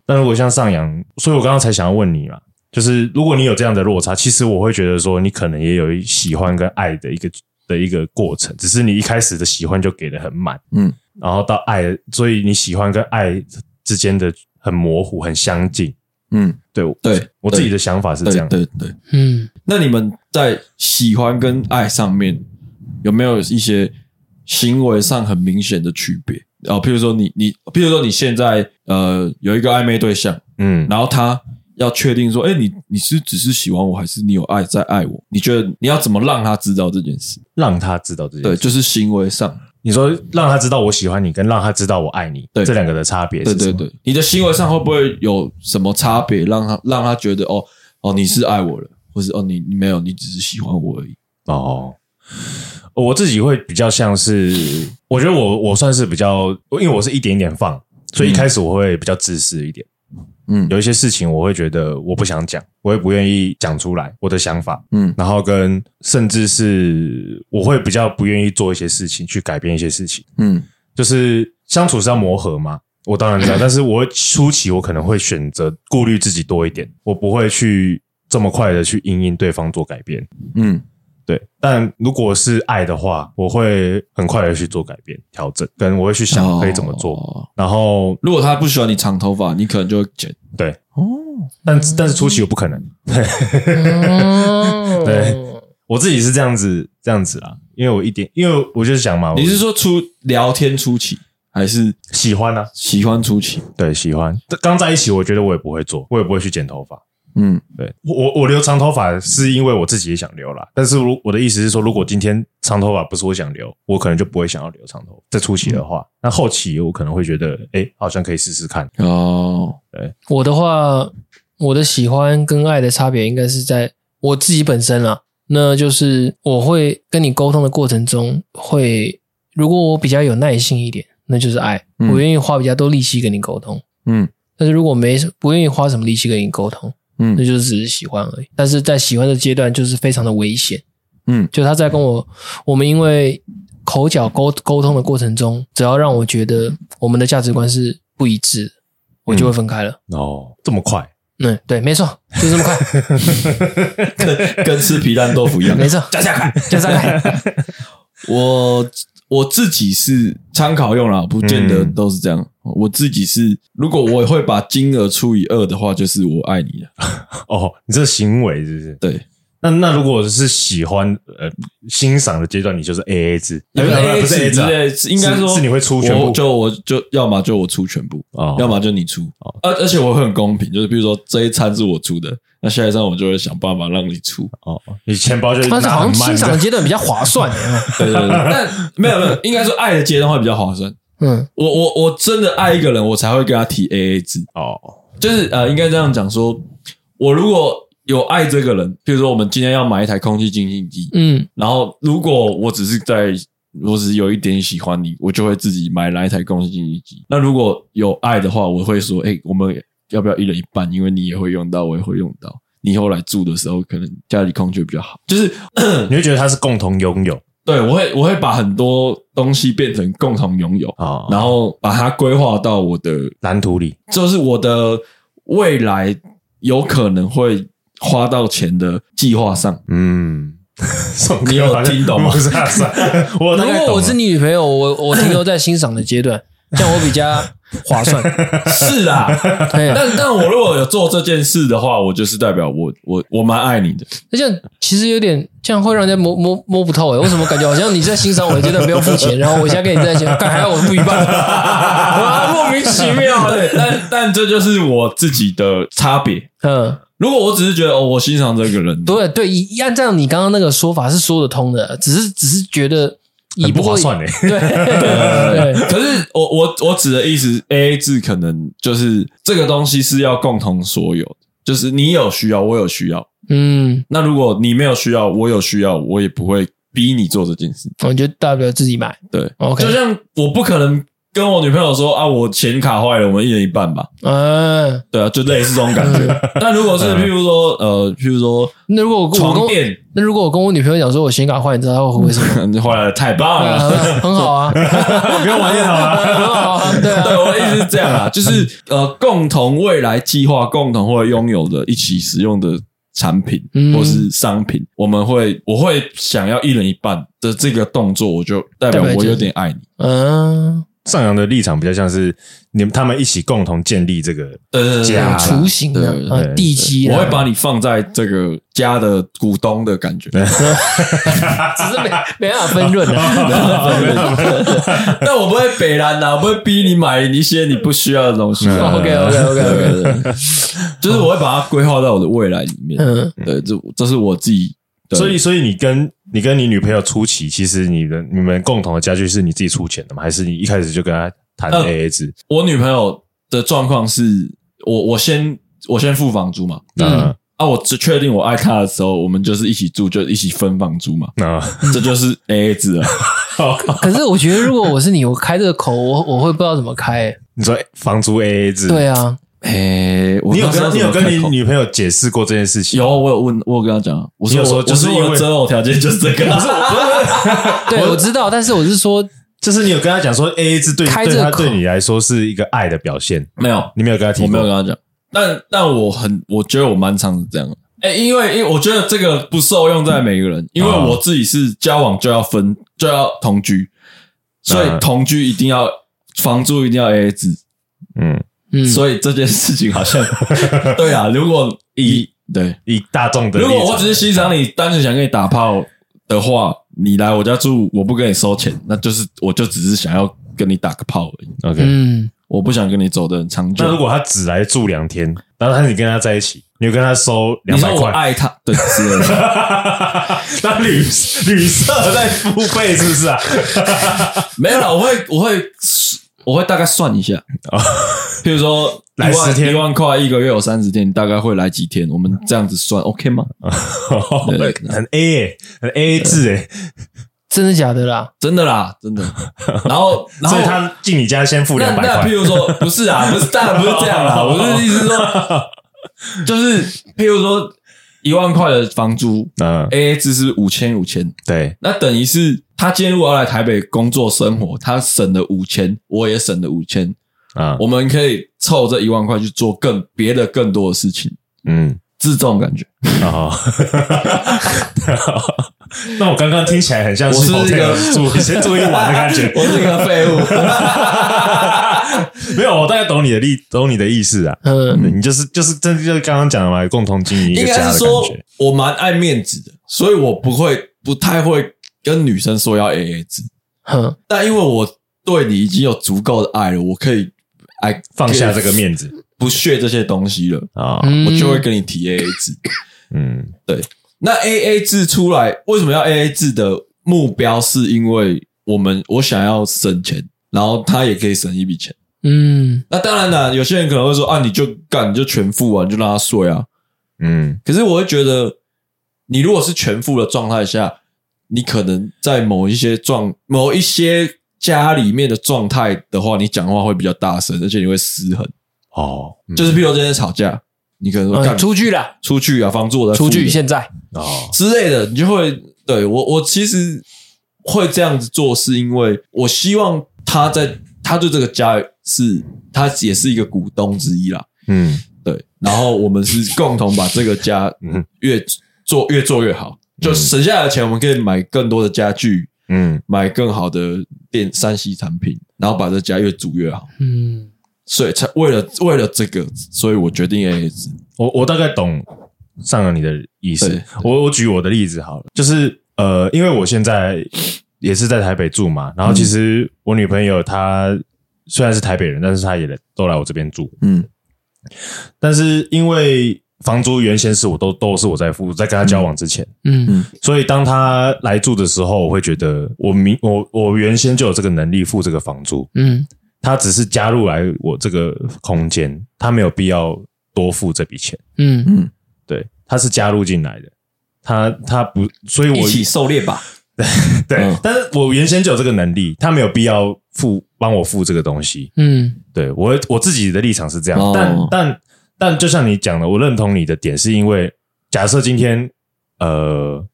B: 但如果像上揚，所以我剛剛才想要問你嘛，就是如果你有這樣的落差，其實我會覺得說，你可能也有喜歡跟愛的一個的一個過程，只是你一開始的喜歡就給的很滿，嗯，然後到愛，所以你喜歡跟愛之間的很模糊、很相近，嗯，對，對，我自己的想法是這樣的，對對，對，對，嗯，那你們在喜歡跟愛上面
A: 有沒有一些行為上很明顯的區別？哦，譬如說你你，譬如說你現在呃有一個曖昧對象，嗯，然後他要確定說，欸，你你是只是喜歡我還是你有愛在愛我？你覺得你要怎麼讓他知道這件事？讓他知道這件事？對，就是行為上，你說讓他知道我喜歡你，跟讓他知道我愛你，對這兩個的差別，對對對，你的行為上會不會有什麼差別？讓他讓他覺
B: 得哦哦你是愛我了，或是哦你你沒有你只是喜歡我而已哦。我自己會比較像是，我覺得我我算是比較，因為我是一點一點放，所以一開始我會比較自私一點。嗯，嗯有一些事情我會覺得我不想講，我也不願意講出來我的想法。嗯，然後跟甚至是我會比較不願意做一些事情去改變一些事情。嗯，就是相處是要磨合嘛，我當然知道，嗯，但是我初期我可能會選擇顧慮自己多一點，我不會去這麼快的去因應對方做改變。嗯。對，但如果是愛的話，我會很快的去做改變、調整，跟我會去想可以怎麼做、哦。然後，如果他不喜歡你長頭髮，你可能就會剪。對，哦，但是但是初期我不可能。嗯對，哦、 對，我自己是這樣子，這樣子啦，因為我一點，因為我就是想嘛，你是說出聊天初期還是喜歡呢、啊？喜歡初期，對，喜歡。剛在一起，我覺得我也不會做，我也不會去剪頭髮。嗯對，對我我我留長頭髮是因為我自己也想留啦，但是如我的意思是說，如果今天長頭髮不是我想留，我可能就不會想要留長頭髮。
C: 在初期的話，
B: 那、嗯嗯、後期我可能會覺得，
C: 哎、欸，好像可以試試看哦。對，我的話，我的喜歡跟愛的差別應該是在我自己本身啦，那就是我會跟你溝通的過程中會，會如果我比較有耐心一點，那就是愛，我願意花比較多力氣跟你溝通。嗯，但是如果沒不願意花什麼力氣跟你溝通。嗯，那就是只是喜歡而已，但是在喜歡的階段就是非常的危險。嗯，就他在跟我我們因為口角溝溝通的過程中，只要讓我覺得我們的價值觀是不一致、
B: 嗯，我就會分
C: 開了。哦，這麼快？嗯，對，沒錯，就是、這麼快， 跟跟吃皮蛋豆腐一樣，沒錯，夾夾開，夾夾開。
A: 我我自己是參考用了，不見得都是這樣。嗯我自己是，如果我會把金額除以二的話，就是我愛你了。
B: 哦，你這個行為是不是？對，那那如果是喜歡呃欣賞的階段，你就是 A A 制，因為不不是 A A 制、啊，應該說是，是你會出全部，就我就，我就，我就要麼
A: 就我出全部啊、哦，要麼就你出啊。而、哦、而且我很公平，就是比如說這一餐是我出的，那下一餐我就會想辦法讓你出哦。你錢包就是但是好像欣賞的階段比較，比，較 比較
C: 划算，對對，對，對。 但
A: 沒有沒有，應該說愛的階段會比較划算。嗯我，我我我真的愛一個人，我才會跟他提 AA 制，哦，就是呃，應該這樣講，說我如果有愛這個人，比如說我們今天要買一台空氣清新機，嗯，然後如果我只是在，我只是有一點喜歡你，我就會自己買來一台空氣清新機。那如果有愛的話，我會說，誒、欸，我們要不要一人一半？因為你也會用到，我也會用到。你以後來住的時候，可能家裡空氣會比較好，就是你會覺得它是共同擁有。對，我會我會把很多東西變成共同擁有啊、哦，然後把它規劃到我的藍圖裡，就是我的未來有可能會花到錢的計劃上。
B: 嗯， 你有聽懂嗎？
C: 我如果我是你女朋友，我我停留在欣賞的階段。這樣我比較划算，是啊。但
A: 但我如果有做這件事的話，我就是代表我我我蠻愛你
C: 的。那就其實有點這樣會讓人家摸摸摸不透哎、欸，為什麼感覺好像你在欣賞我的階段不要付錢， 然後我現在跟你在一起， 幹還要我付一半， 莫名其妙 對。但
A: 但這就是我自己的差別。嗯，如果我只是覺得哦，我欣賞這個人，
C: 對對，一按照你剛剛那個說法是說得通的，只是只是覺得。也不划算嘞、欸。欸、
B: 對,
A: 對，可是我我我指的意思，A A 制可能就是這個東西是要共同所有，就是你有需要，我有需要，嗯，那如果你沒有需要，我有需要，我也不會逼你做
C: 這件事。我覺得大不了自己買。對，OK，就像
A: 我不可能跟我女朋友說啊，我顯卡壞了，我們一人一半吧。嗯。對啊，就類似這種感覺、嗯。嗯、但如果是，譬如
C: 說，呃，譬如說，那如果我跟如果我跟我女朋友講說我顯卡壞，你知道她會，不會回什麼？你壞了太棒了、嗯啊，
B: 很好啊， 我我不要玩好、啊、 我很好啊！對啊對，我意思是這樣啊， 就是
A: 呃，共同未來計劃，共同會擁有的一起使用的產品、嗯、或是商品，我們會我會想要一人一半
B: 的這個動作，我就代表我有點愛你。就是、嗯。上揚的立場比較像是你們他們一起共同建立這個呃，家雛、嗯、形的對對對地基的對對對。我會把你放在這個家的股東的感覺，嗯、只
C: 是沒 沒辦法、
A: 啊、分潤的、啊啊啊。但我不會北蘭的，我不會逼你買一些你不需要的東西、啊嗯。OK OK OK OK， 就是我會把它規劃到我的未
B: 來裡面。嗯、對，這這是我自己。所以，所以你跟。你跟你女朋友初期，其實你的你們共同的家具是你自己出錢的嗎？還是你一開始就跟他談 AA 制？呃，我女朋友的狀況是，我我先我先付房租嘛。嗯，
A: 嗯啊，我只確定我愛她的時候，我們就是一起住，就一起分房租嘛。那、嗯、這就是
B: AA 制
C: 了。 可是我覺得，如果我是你，我開這個口，我我會不知道怎麼開、欸。你說房租 AA 制？對啊。哎，你有跟、你有跟你
B: 女朋友解釋過這件事情？有，我有問，我有跟她講。我說我有說，就是因為擇偶條件就是這個。不 是，
C: 對，我知道，但是我是說，就是你有跟她
B: 講說，A A 制，對，對他對你來說是一個愛的表現。沒有，你沒有跟她提，我沒有跟她講。但但我很，我覺得我蠻常
A: 是這樣的。哎、欸，因為因為我覺得這個不受用在每個人，因為我自己是交往就要分，就要同居，所以同居一定要、嗯、房租一定要 A A 制。嗯。嗯、所以這件事情好像 對啊，如果以，以對以大眾的，如果我只是欣賞你，單純想跟你打炮的話，你來我
B: 家住，我不跟你收錢，那就是我就只是想要跟你打個炮而已。OK、嗯、我不想跟你走得很長久。那如果他只來住兩天，然後你跟他在一起，你就跟他收兩百塊，你說我愛他，那旅旅社在付費是不是啊？
A: 沒有了，我會我會。我會大概算一下，譬如說來十天一萬塊，一個月有三十天，大概會來幾天？我們這樣子算，OK 嗎？ 很 A，、欸、很 A A 制、欸、
C: 真的假的啦？真的啦，真的。然後，然後所以他進你家先付兩百塊。那那譬如說，不是啊，不是，當然不是這樣啦。 我是意思說，就是，譬如
A: 說一萬塊的房租、嗯、，A A 制是五千五千，對，那等於是。他今天如果要來台北工作生活，他省了五千，我也省了五千，啊、嗯，我們可以湊這一萬塊去做更別的更多的事情，嗯，是這
B: 種感覺啊。哦、呵呵 那我剛剛聽起來很像是，我是一個，我是一個住先住一晚的感覺， 我是一個廢物， 沒有，我大概懂你的意，懂你的意思啊。嗯，你就是就是，這就是剛剛講的嘛，共同經營一個家的感覺。應該是說，我蠻愛面子的，所以我不會，不太會。跟女
A: 生說要 AA 制，但因為我對你已經有足夠的愛了，我可以哎放下這個面子，不屑這些東西了啊、哦，我就會跟你提 AA 制。嗯，對。那 AA 制出來為什麼要 AA 制的目標？是因為我們我想要省錢，然後他也可以省一筆錢。嗯，那當然了，有些人可能會說啊，你就幹，你就全付完、啊，你就讓他睡啊。嗯，可是我會覺得，你如果是全付的狀態下。你可能在某一些狀、某一些家裡面的狀態的話，你講話會比較大聲，而且你會失衡哦、嗯。就是譬如今天吵架，你可能說、嗯、出去了，出去啊，房我的出去，現在哦，之類的，你就會對我。我其實會這樣子做，是因為我希望他在他對這個家是，他也是一個股東之一啦。嗯，對。然後我們是共同把這個家嗯，越做越做越好。就省下的錢，我們可以買更多的家具，嗯，買更好的電 3C 產品，然後把這家越住越好，嗯，
B: 所以才為了為了這個，所以我決定、AA 制。我我大概懂上了你的意思。我我舉我的例子好了，就是呃，因為我現在也是在台北住嘛，然後其實我女朋友她雖然是台北人，但是她也都來我這邊住，嗯，但是因為。房租原先是我都都是我在付，在跟他交往之前，嗯，嗯，所以當他來住的時候，我會覺得我明我我原先就有這個能力付這個房租，嗯，他只是加入來我這個空間，他沒有必要多付這筆錢，嗯
A: 嗯，
B: 對，他是加入進來的，他他不，所以我一起狩獵吧， 對對、哦，但是我原先就有這個能力，他沒有必要付幫我付這個東西，嗯，對，我我自己的立場是這樣，但、哦、但。但但就像你講的，我認同你的點是因為，假設今天，呃，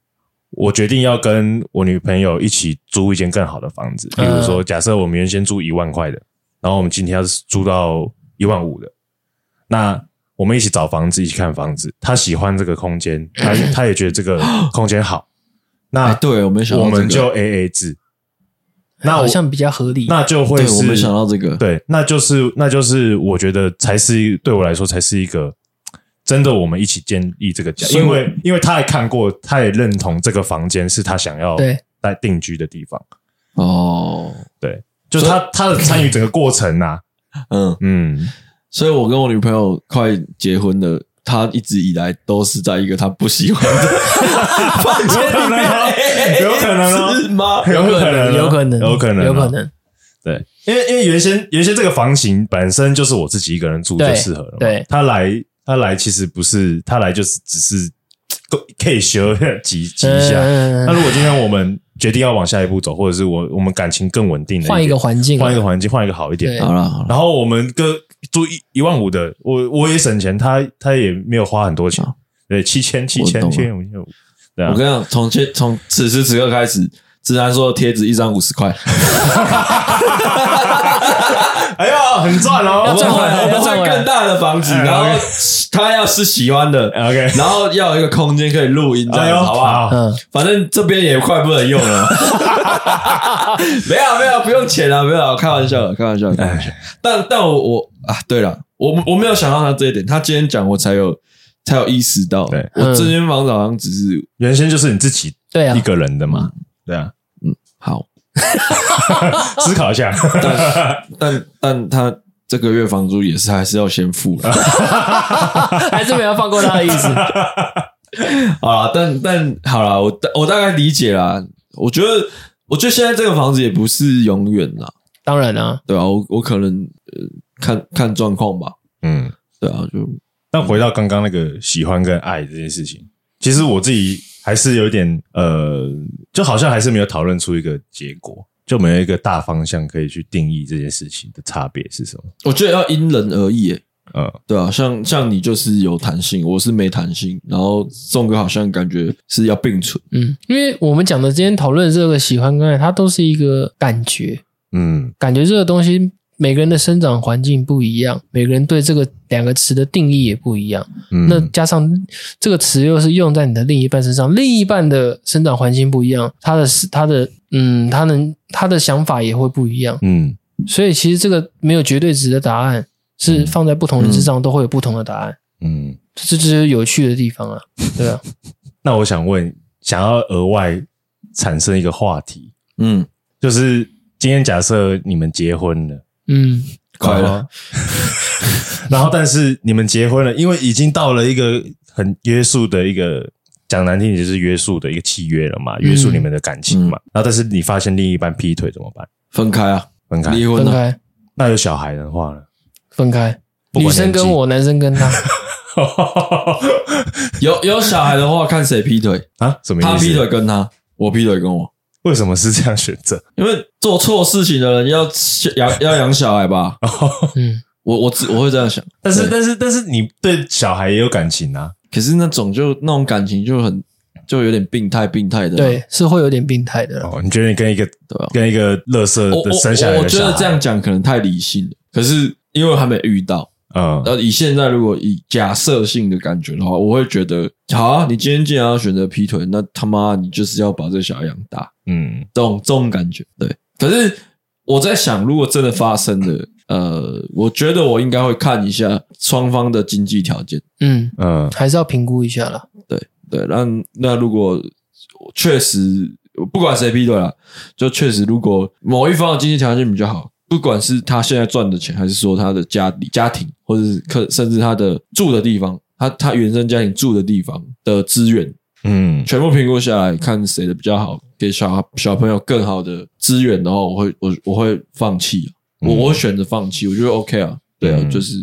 B: 我決定要跟我女朋友一起租一間更好的房子，比如說，假設我們原先租一萬塊的，然後我們今天要租到一萬五的，那我們一起找房子，一起看房子，他喜歡這個空間，他他也覺得這個空間好，那對我們我們就 AA 制。
C: 那好像比較合理，那就會是我們想要這個，對，那就是
B: 那就是我覺得才是對我來說才是一個真的，我們一起建立這個家，因為因為他也看過，他也認同這個房間是他想要來定居的地方哦，對，就是他他的參與整個過程吶、啊，嗯嗯，
A: 所以我跟我女朋友快結婚了。他一直以來都
B: 是在一個他不喜歡的
C: 有可能啊、啊，有可能、啊、嗎？有可能，有可能，有可
B: 能，有可能。可能啊、可能可能對，因為因為原先原先這個房型本身就是我自己一個人住最適合的。對，他來他來其實不是他來就是只是可以學擠擠一下、嗯嗯嗯。那如果今天我們。決定要往下一步走，或者是我我們感情更穩定的，換一個環境啊，換一個環境，換一個好一點。然後我們各，租一一萬五的，我我也省錢，他他也沒有花很多錢，對，七千七千七千五，五。對啊，我跟
A: 你講，從今從此時此刻開始。 只能說貼紙一張五十塊，哎呦，很賺哦，賺賺更大的房子。O、哎、K，他要是喜歡的、哎、，O、okay、K，然後要有一個空間可以錄音，這樣、哎、好不好、嗯？反正這邊也快不能用了。 沒有沒有，不用錢了、啊，沒有，開玩笑，開玩笑，開玩笑。哎、但但我我啊，對了，我我沒有想到他這一點，他今天講，我才有才有意識到，對，嗯、我這
B: 間房子好像只是原先就是你自己對啊一個人的嘛。對啊，
A: 嗯，好，
C: 思考
A: 一下，但但但他這個月房租也是還是要先付了，
C: 還是沒有放過他的意思。
A: 好了，但但好了，我我大概理解了。我覺得，我覺得現在這個房子也不是永遠了，當然啊，對啊，我我可能、呃、
B: 看看狀況吧。嗯，對啊，就，但回到剛剛那個喜歡跟愛這件事情，其實我自己，還是有一點呃，就好像還是沒有討論出一個結果，就沒有一個大方向可以去定義這件事情的差別是什麼。
A: 我覺得要因人而異，呃、嗯，對啊，像像你就是有彈性，我是沒彈性，然後宋哥好像感覺是要並存，嗯，
C: 因為我們講的今天討論這個喜歡跟愛，它都是一個感覺，嗯，感覺這個東西。每個人的生長環境不一樣，每個人對這個兩個詞的定義也不一樣。嗯，那加上這個詞又是用在你的另一半身上，另一半的生長環境不一樣，他的他的嗯，他能，他的想法也會不一樣。嗯，所以其實這個沒有絕對值的答案，嗯，是放在不同人身上都會有不同的答案。嗯，嗯，這就是有趣的地方啊。對
B: 啊。 那我想問，想要額外產生一個話題，嗯，就是今天假設你們結婚了。嗯，快了。 然後，但是你們結婚了，因為已經到了一個很約束的一個，講難聽點就是約束的一個契約了嘛，嗯、約束你們的感情嘛。嗯、然後，但是你發現另一半劈腿怎麼辦？分開啊，分開，離婚了分開分開。那有小孩的話呢？
C: 分開，女生跟我，男生跟他。
A: 有有小孩的話，看誰劈腿啊？什麼意思？他劈腿跟他，我劈腿跟我。為什麼是這樣選擇？因為做錯事情的人要養要養小孩吧。 嗯，我我我會這樣想。但是但是但是，你對小孩也有感情啊。可是那種就那種感情就很就有點病態病態的、啊。對，
C: 是會有點病態的、哦。你覺
A: 得你跟一個、啊、跟一個樂色的生下來？我，我，我覺得這樣講可能太理性了。可是因為還沒遇到。嗯，那以現在如果以假設性的感覺的話，我會覺得好啊！你今天既然要選擇劈腿，那他媽啊，你就是要把這小孩養大，嗯，這種這種感覺。對。可是我在想，如果真的發生了，呃，我覺得我應該會看一下雙方的經濟條件，嗯嗯，還是要評估一下啦。對對，那那如果確實不管誰劈腿了，就確實如果某一方的經濟條件比較好。不管是他現在賺的錢，還是說他的家裡家庭，或者是可甚至他的住的地方，他他原生家庭住的地方的資源，嗯，全部評估下來看誰的比較好，給小小朋友更好的資源的話，我會、嗯、我我會放棄，
C: 我我選
A: 擇放棄，我覺得 OK 啊，對啊、嗯，就是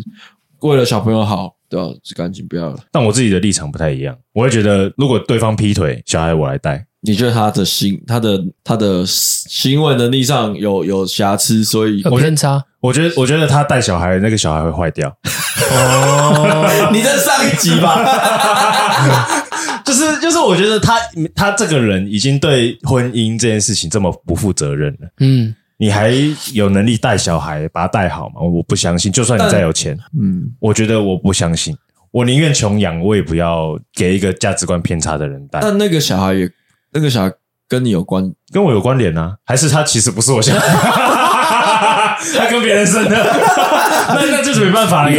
A: 為了小朋友好，對吧、啊？就趕緊不要了。但我自己的立場不太一樣，我會覺得如果對方劈腿，小孩我來帶。你覺得他的行，他的他的
B: 行為能力上有有瑕疵，所以有偏差。我覺得，我覺得他帶小孩，那個小孩會壞掉。哦 、
C: oh，你在上一集吧？就 是
B: 就是，就是、我覺得他他這個人已經對婚姻這件事情這麼不負責任了。嗯，你還有能力帶小孩把他帶好嗎？我不相信，就算你再有錢，嗯，我覺得我不相信，我寧願窮養，我也不要給一個價值觀偏差的人帶。但那個小孩也。那個小孩跟你有關，跟我有關聯呢、啊？還是他其實不是我小孩。 他跟別人生的？ 那那這是沒辦法，了。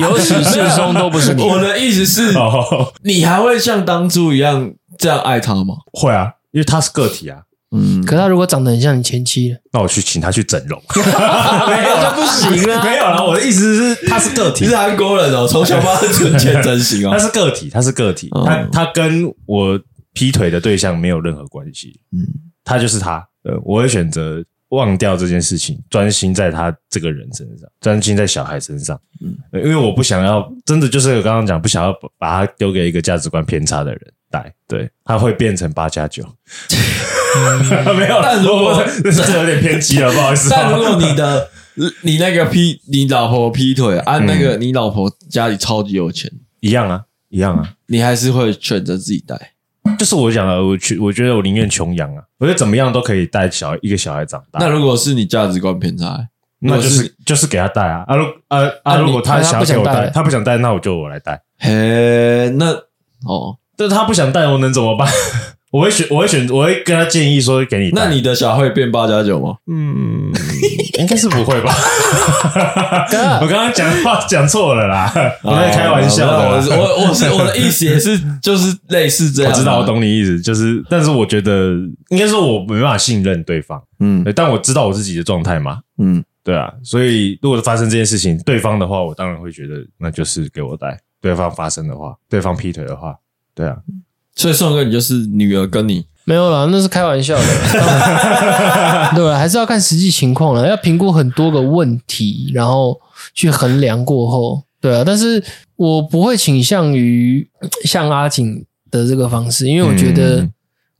B: 由始至終都不是你。我的意思是、哦，你還會像當初一樣這樣愛他嗎？會啊，因為他是個體啊。嗯，
C: 可他如果長得很像你前妻了，那我去請他去整容，
B: 沒有 就不行了、啊。沒有了。然後我的意思是，他是個體，韓、嗯、國人哦，從小爸存錢真心哦。他是個體，他是個體，他他跟我。哦劈腿的對象沒有任何關係，嗯，他就是他，呃，我會選擇忘掉這件事情，專心在他這個人身上，專心在小孩身上，嗯，因為我不想要，真的就是剛剛講，不想要把他丟給一個價值觀偏差的人帶，對，他會變成八加九，嗯、
A: 沒有，但如果我但這是有點偏激了，不好意思，但如果你的你那個劈你老婆劈腿，啊，那個你老婆家裡超級有錢、嗯，一樣啊，一樣啊，你
B: 還是會選擇自己帶。就是我講了，我我覺得我寧願窮養啊！我覺得怎麼樣都可以帶小孩一個小孩長大。那如果是你價值觀偏差，欸，那就是，是就是給他帶啊！啊，如啊啊，啊，如果他不想帶，他不想帶，那我就我來帶。嘿，那哦，但是他不想帶，我能怎麼辦？ 我會選，我會選，我會跟他建議說給你帶。那你的小孩會變八加九嗎？嗯， 應該是不會吧。 我剛剛講話講錯了啦，我 在開玩笑， 我。我我我是我的意思也是就是類似這樣。我知道，我懂你意思，就是，但是我覺得應該說我沒辦法信任對方。嗯，但我知道我自己的狀態嘛。嗯，對啊，所以如果發生這件事情，對方的話，我當然會覺得那就是給我帶。對方發生的話，對方劈腿的話，對啊。
A: 所以宋哥，你就是女兒跟你沒有啦，那是開玩笑
C: 的。 對啊，還是要看實際情況了，要評估很多個問題，然後去衡量過後，對啊。但是我不會傾向於像阿景的這個方式，因為我覺得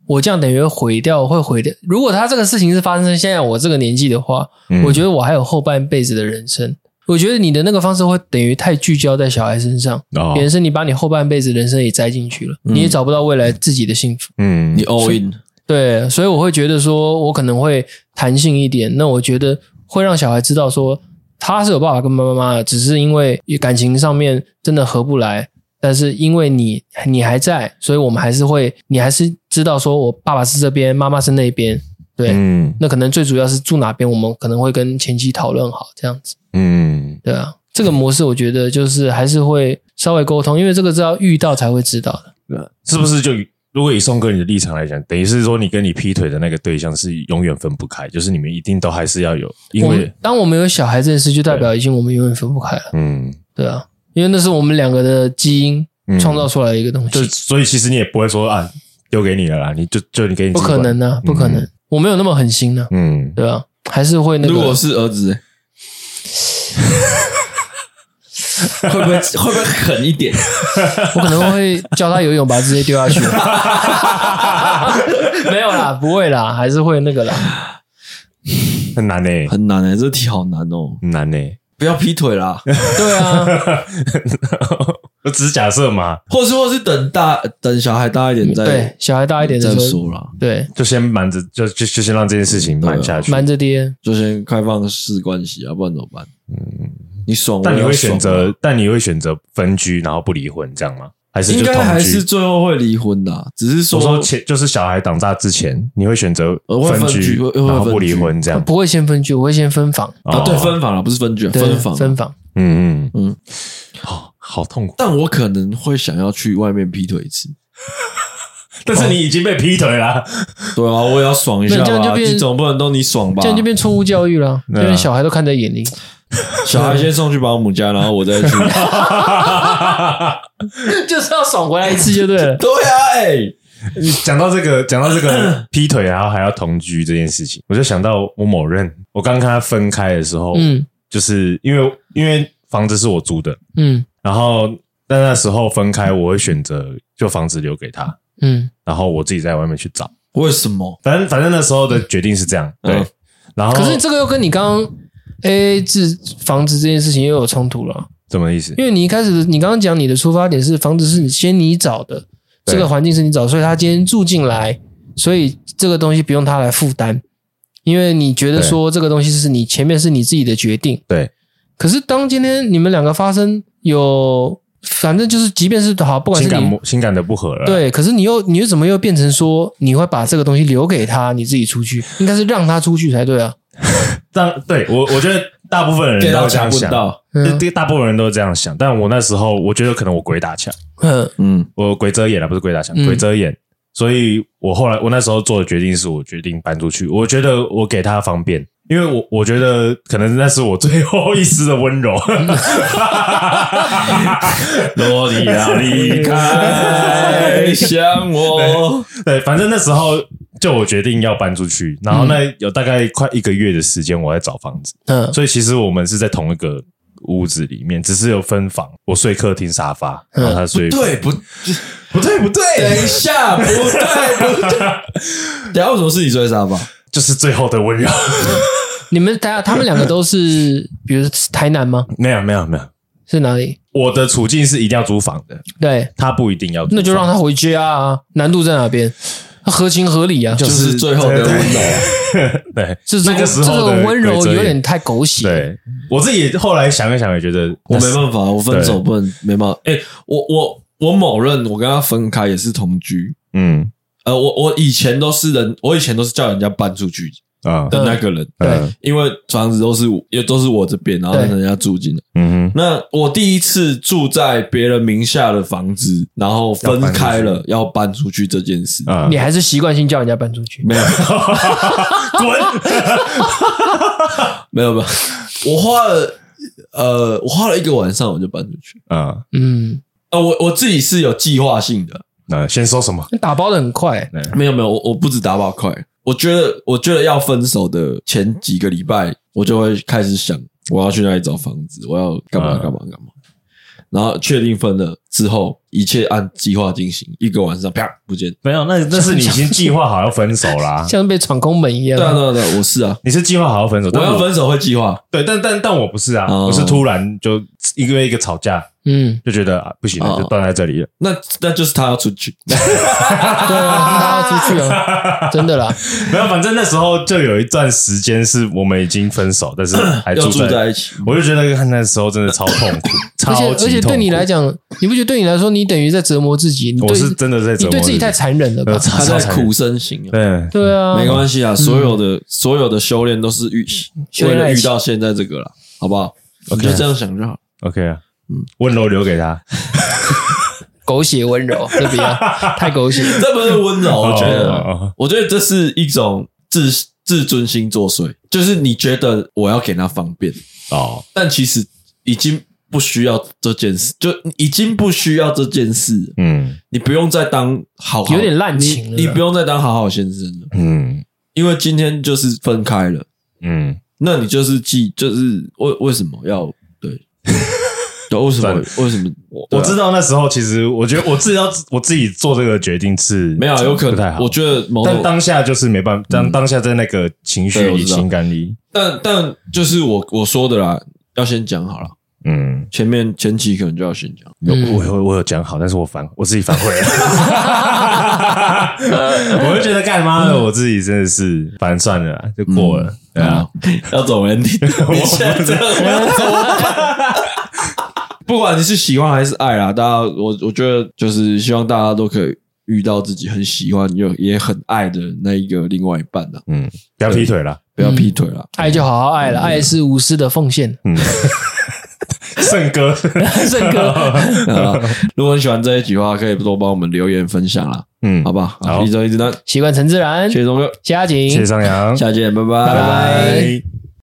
C: 我這樣等於毀掉，會毀掉。如果他這個事情是發生現在我這個年紀的話、嗯，我覺得我還有後半輩子的人生。我覺得你的那個方式會等於太聚焦在小孩身上，也、oh. 是你把你後半輩子人生也栽進去了，嗯、你也找不到未來自己的幸福。嗯，你 all in 對，所以我會覺得說，我可能會彈性一點。那我覺得會讓小孩知道說，他是有爸爸跟媽,媽媽的，只是因為感情上面真的合不來，但是因為你你還在，所以我們還是會，你還是知道說我爸爸是這邊，媽媽是那邊。對、嗯，那可能最主要是住哪邊，我們可能會跟前妻討論好這樣子。嗯，對啊，這個模式我覺得就是還是會稍微溝通，因為這個是要遇到才會知道的。
B: 對，是不是就如果以宋哥你的立場來講，等於是說你跟你劈腿的那個對象是永遠分不開，就是你們一定都還是要有，因為我
C: 當我們有小孩這件事，就代表已經我們永遠分不開了。嗯，對啊，因為那是我們兩個的基因創造出來的一個東西、嗯，
B: 所以其實你也不會說啊，丟給你了啦，你就就你給你不可能啊，不可能。嗯
C: 我沒有那麼狠心呢，嗯，對吧？還是會那個。如果是
B: 兒子，會
A: 不會會不會狠一點？
C: 我可能會教他游泳，把他直接丟下去。 沒有啦，不會啦，還是會那個啦。
B: 很難欸，很難欸，這題好難哦，很難欸。
A: 不要劈腿啦！
B: 對啊， 我 只是假設嘛，或是或是等大等小孩大一點
A: 再對
C: 小孩大一點再說啦，對，
B: 就先瞞着，就就就先讓這件事情瞞下去，瞞着爹，就先開放式關係啊，不然怎麼辦？嗯，你爽，啊、但你會選擇，啊、但你會選擇分居，然後不離婚，這樣嗎？還是應該還是最後會離婚的，啊，只是說，說前，前就是小孩長大之前，你會選擇分，分居，然後不離婚這樣。
C: 不會先分居，我會先分房、哦、啊對！對，分
B: 房了，不是分居，分房，
C: 分房。嗯嗯嗯，好、哦、好痛苦。但我可能會想要去外面劈
A: 腿一次，
C: 但是你已經被劈腿
B: 了，
A: 哦、對啊，我也要爽一下。你總不能都你爽吧？這樣就
C: 變錯誤教育了，啊，因為、啊、小孩都看在眼裡。小孩
A: 先
B: 送去保姆家，然後我再去。
C: 就是要爽回來一
B: 次就對了。 對呀、啊欸，哎，講到這個，講到這個劈腿然後還要同居這件事情，我就想到我某任，我剛跟他分開的時候，嗯，就是因為因為房子是我租的，嗯，然後在那時候分開，我會選擇就房子留給他，嗯，然後我自己在外面去找。為什麼？反正反正那時候的決定是這樣，對。嗯、然後，可是
C: 這個又跟你剛剛。嗯 AA 制房子這件事情又有衝突了，
B: 什麼意思？因
C: 為你一開始你剛剛講你的出發點是房子是你先你找的，這個環境是你找的，所以他今天住進來，所以這個東西不用他來負擔，因為你覺得說這個東西是你，是你前面是你自己的決定。對。可是當今天你們兩個發生有，反正就是即便是好，不管是情感情感的不合了，對。可是你又你又怎麼又變成說你會把這個東西留給他，你自己出去，應該是讓他出去才對啊。
B: 但對我，我覺得大部分人都這樣想到對、啊，大部分人都這樣想。但我那時候，我覺得可能我鬼打牆，嗯嗯，我鬼遮眼了、啊，不是鬼打牆，鬼遮眼、嗯。所以我後來，我那時候做的決定是我決定搬出去。我覺得我給他方便。因為我我覺得可能那是我最後一絲的溫柔，蘿莉啊，離開 想我對。對，反正那時候就我決定要搬出去，然後那有大概快一個月的時間我在找房子，嗯，所以其實我們是在同一個屋子裡面，只是有分房，我睡客廳沙發，然後他睡。嗯、對，不， 不對，不
C: 對，等一下，不對，不對， 等
B: 下為什麼是你睡沙發？就是最後的溫柔，
C: 你們大家，他們兩個都是，比如是台南嗎？
B: 沒有沒有沒有，是哪裡？我的處境是一定要租房的，對他不一定要租房，那
C: 就讓他回家啊，難度在哪邊？合情合理啊，就是、就是、最後的溫柔，對，對對是那個時候溫柔有點
B: 太狗血。對，我自己後來想一想也覺得我沒辦法，我分手不能沒辦法。欸、我我我，我某任我跟他
A: 分開也是同居，嗯。呃，我我以前都是人，我以前都是叫人家搬出去啊的那個人，啊、對，對，因為房子都是也都是我這邊，然後人家住進來。嗯哼。那我第一次住在別人名下的房子，然後分開了要搬出去這件事，啊、你
C: 還是習慣性叫人家搬出去？
A: 沒有，
B: 滾，沒
A: 有， 滾 沒，有沒有。我花了呃，我花了一個晚上，我就搬出去啊。嗯。呃，我我自己是有計劃性的。那先說什麼？
C: 打包得很快。
A: 欸，沒有沒有，我我不止打包快，我覺得我覺得要分手的前幾個禮拜，我就會開始想我要去哪裡找房子，我要幹嘛幹嘛幹嘛。然後確定分了之後，一切按計劃進
B: 行。一個晚上啪不見，沒有，那那是你先計劃好要分手啦。啊，
C: 像被闖空門一樣。啊。對對對，
B: 我是啊，你是計劃好要分手我，我要分手會計劃，對，但但但我不是啊。嗯，我是突然就一個月一個吵架。嗯，就覺得、啊、不行了，就斷在這裡了、哦，那。那那就是他要出去， 對、啊，
C: 他要出去了，
B: 真的啦。 沒有，反正那時候就有一段時間是我們已經分手，但是還住在，住在一起。我就覺得那他那時候真的超痛苦， 超痛苦而，且而且對你來
C: 講，你不覺得對你來說，你等於在折磨自己？我是真的在折磨自己，你對自己太殘忍了，他在苦
B: 身行。對對啊、嗯，沒關係啊，所
A: 有的、嗯、所有的修煉都是遇，修煉遇到現在這個了，好不好、okay？你就這樣
B: 想就好 OK 啊。嗯，溫柔留給他， 狗血溫柔，這不要
A: 太狗血，這不是溫柔。 我覺得，oh, oh, oh. 我覺得這是一種自自尊心作祟，就是你覺得我要給他方便哦，oh. 但其實已經不需要這件事，就已經不需要這件事。嗯、mm.，你不用再當好，好，有點濫情了你。你不用再當好好先生了。嗯、mm.，因為今天就是分開了。嗯、mm.，那你就是記，就是為為什麼要？
B: 為什麼？為什麼？啊、我知道那時候，其實我覺得我自己要我自己做這個決定是沒有、啊，有可能不太好，我覺得，但當下就是沒辦法。當當下在那個情緒裡、嗯、情感裡、嗯
A: 但，但但就是我我說的啦，要先講好了。
B: 嗯，前面前期可能就要先講、嗯。我有我有講好，但是我反我自己反悔了。 我就覺得幹嘛的，我自己真的是反算了，就過了、嗯。嗯、對啊、嗯，要走問題，我要走、啊。
A: 不管你是喜歡還是愛啦，大家我我覺得就是希望大家都可以遇到自己很喜歡又也很愛的那一個另外一半啦。嗯，不要劈腿啦，不要劈腿啦。
C: 嗯、愛就好好愛了，愛是無私的奉獻，嗯，盛哥，盛哥，
B: 啊，
A: 如果喜歡這一集的話，可以多幫我們留言分享啦。嗯，好吧，好，一周
C: 一直男，習慣成自然，謝謝鍾哥，謝，謝阿景謝張揚，下期見，拜拜。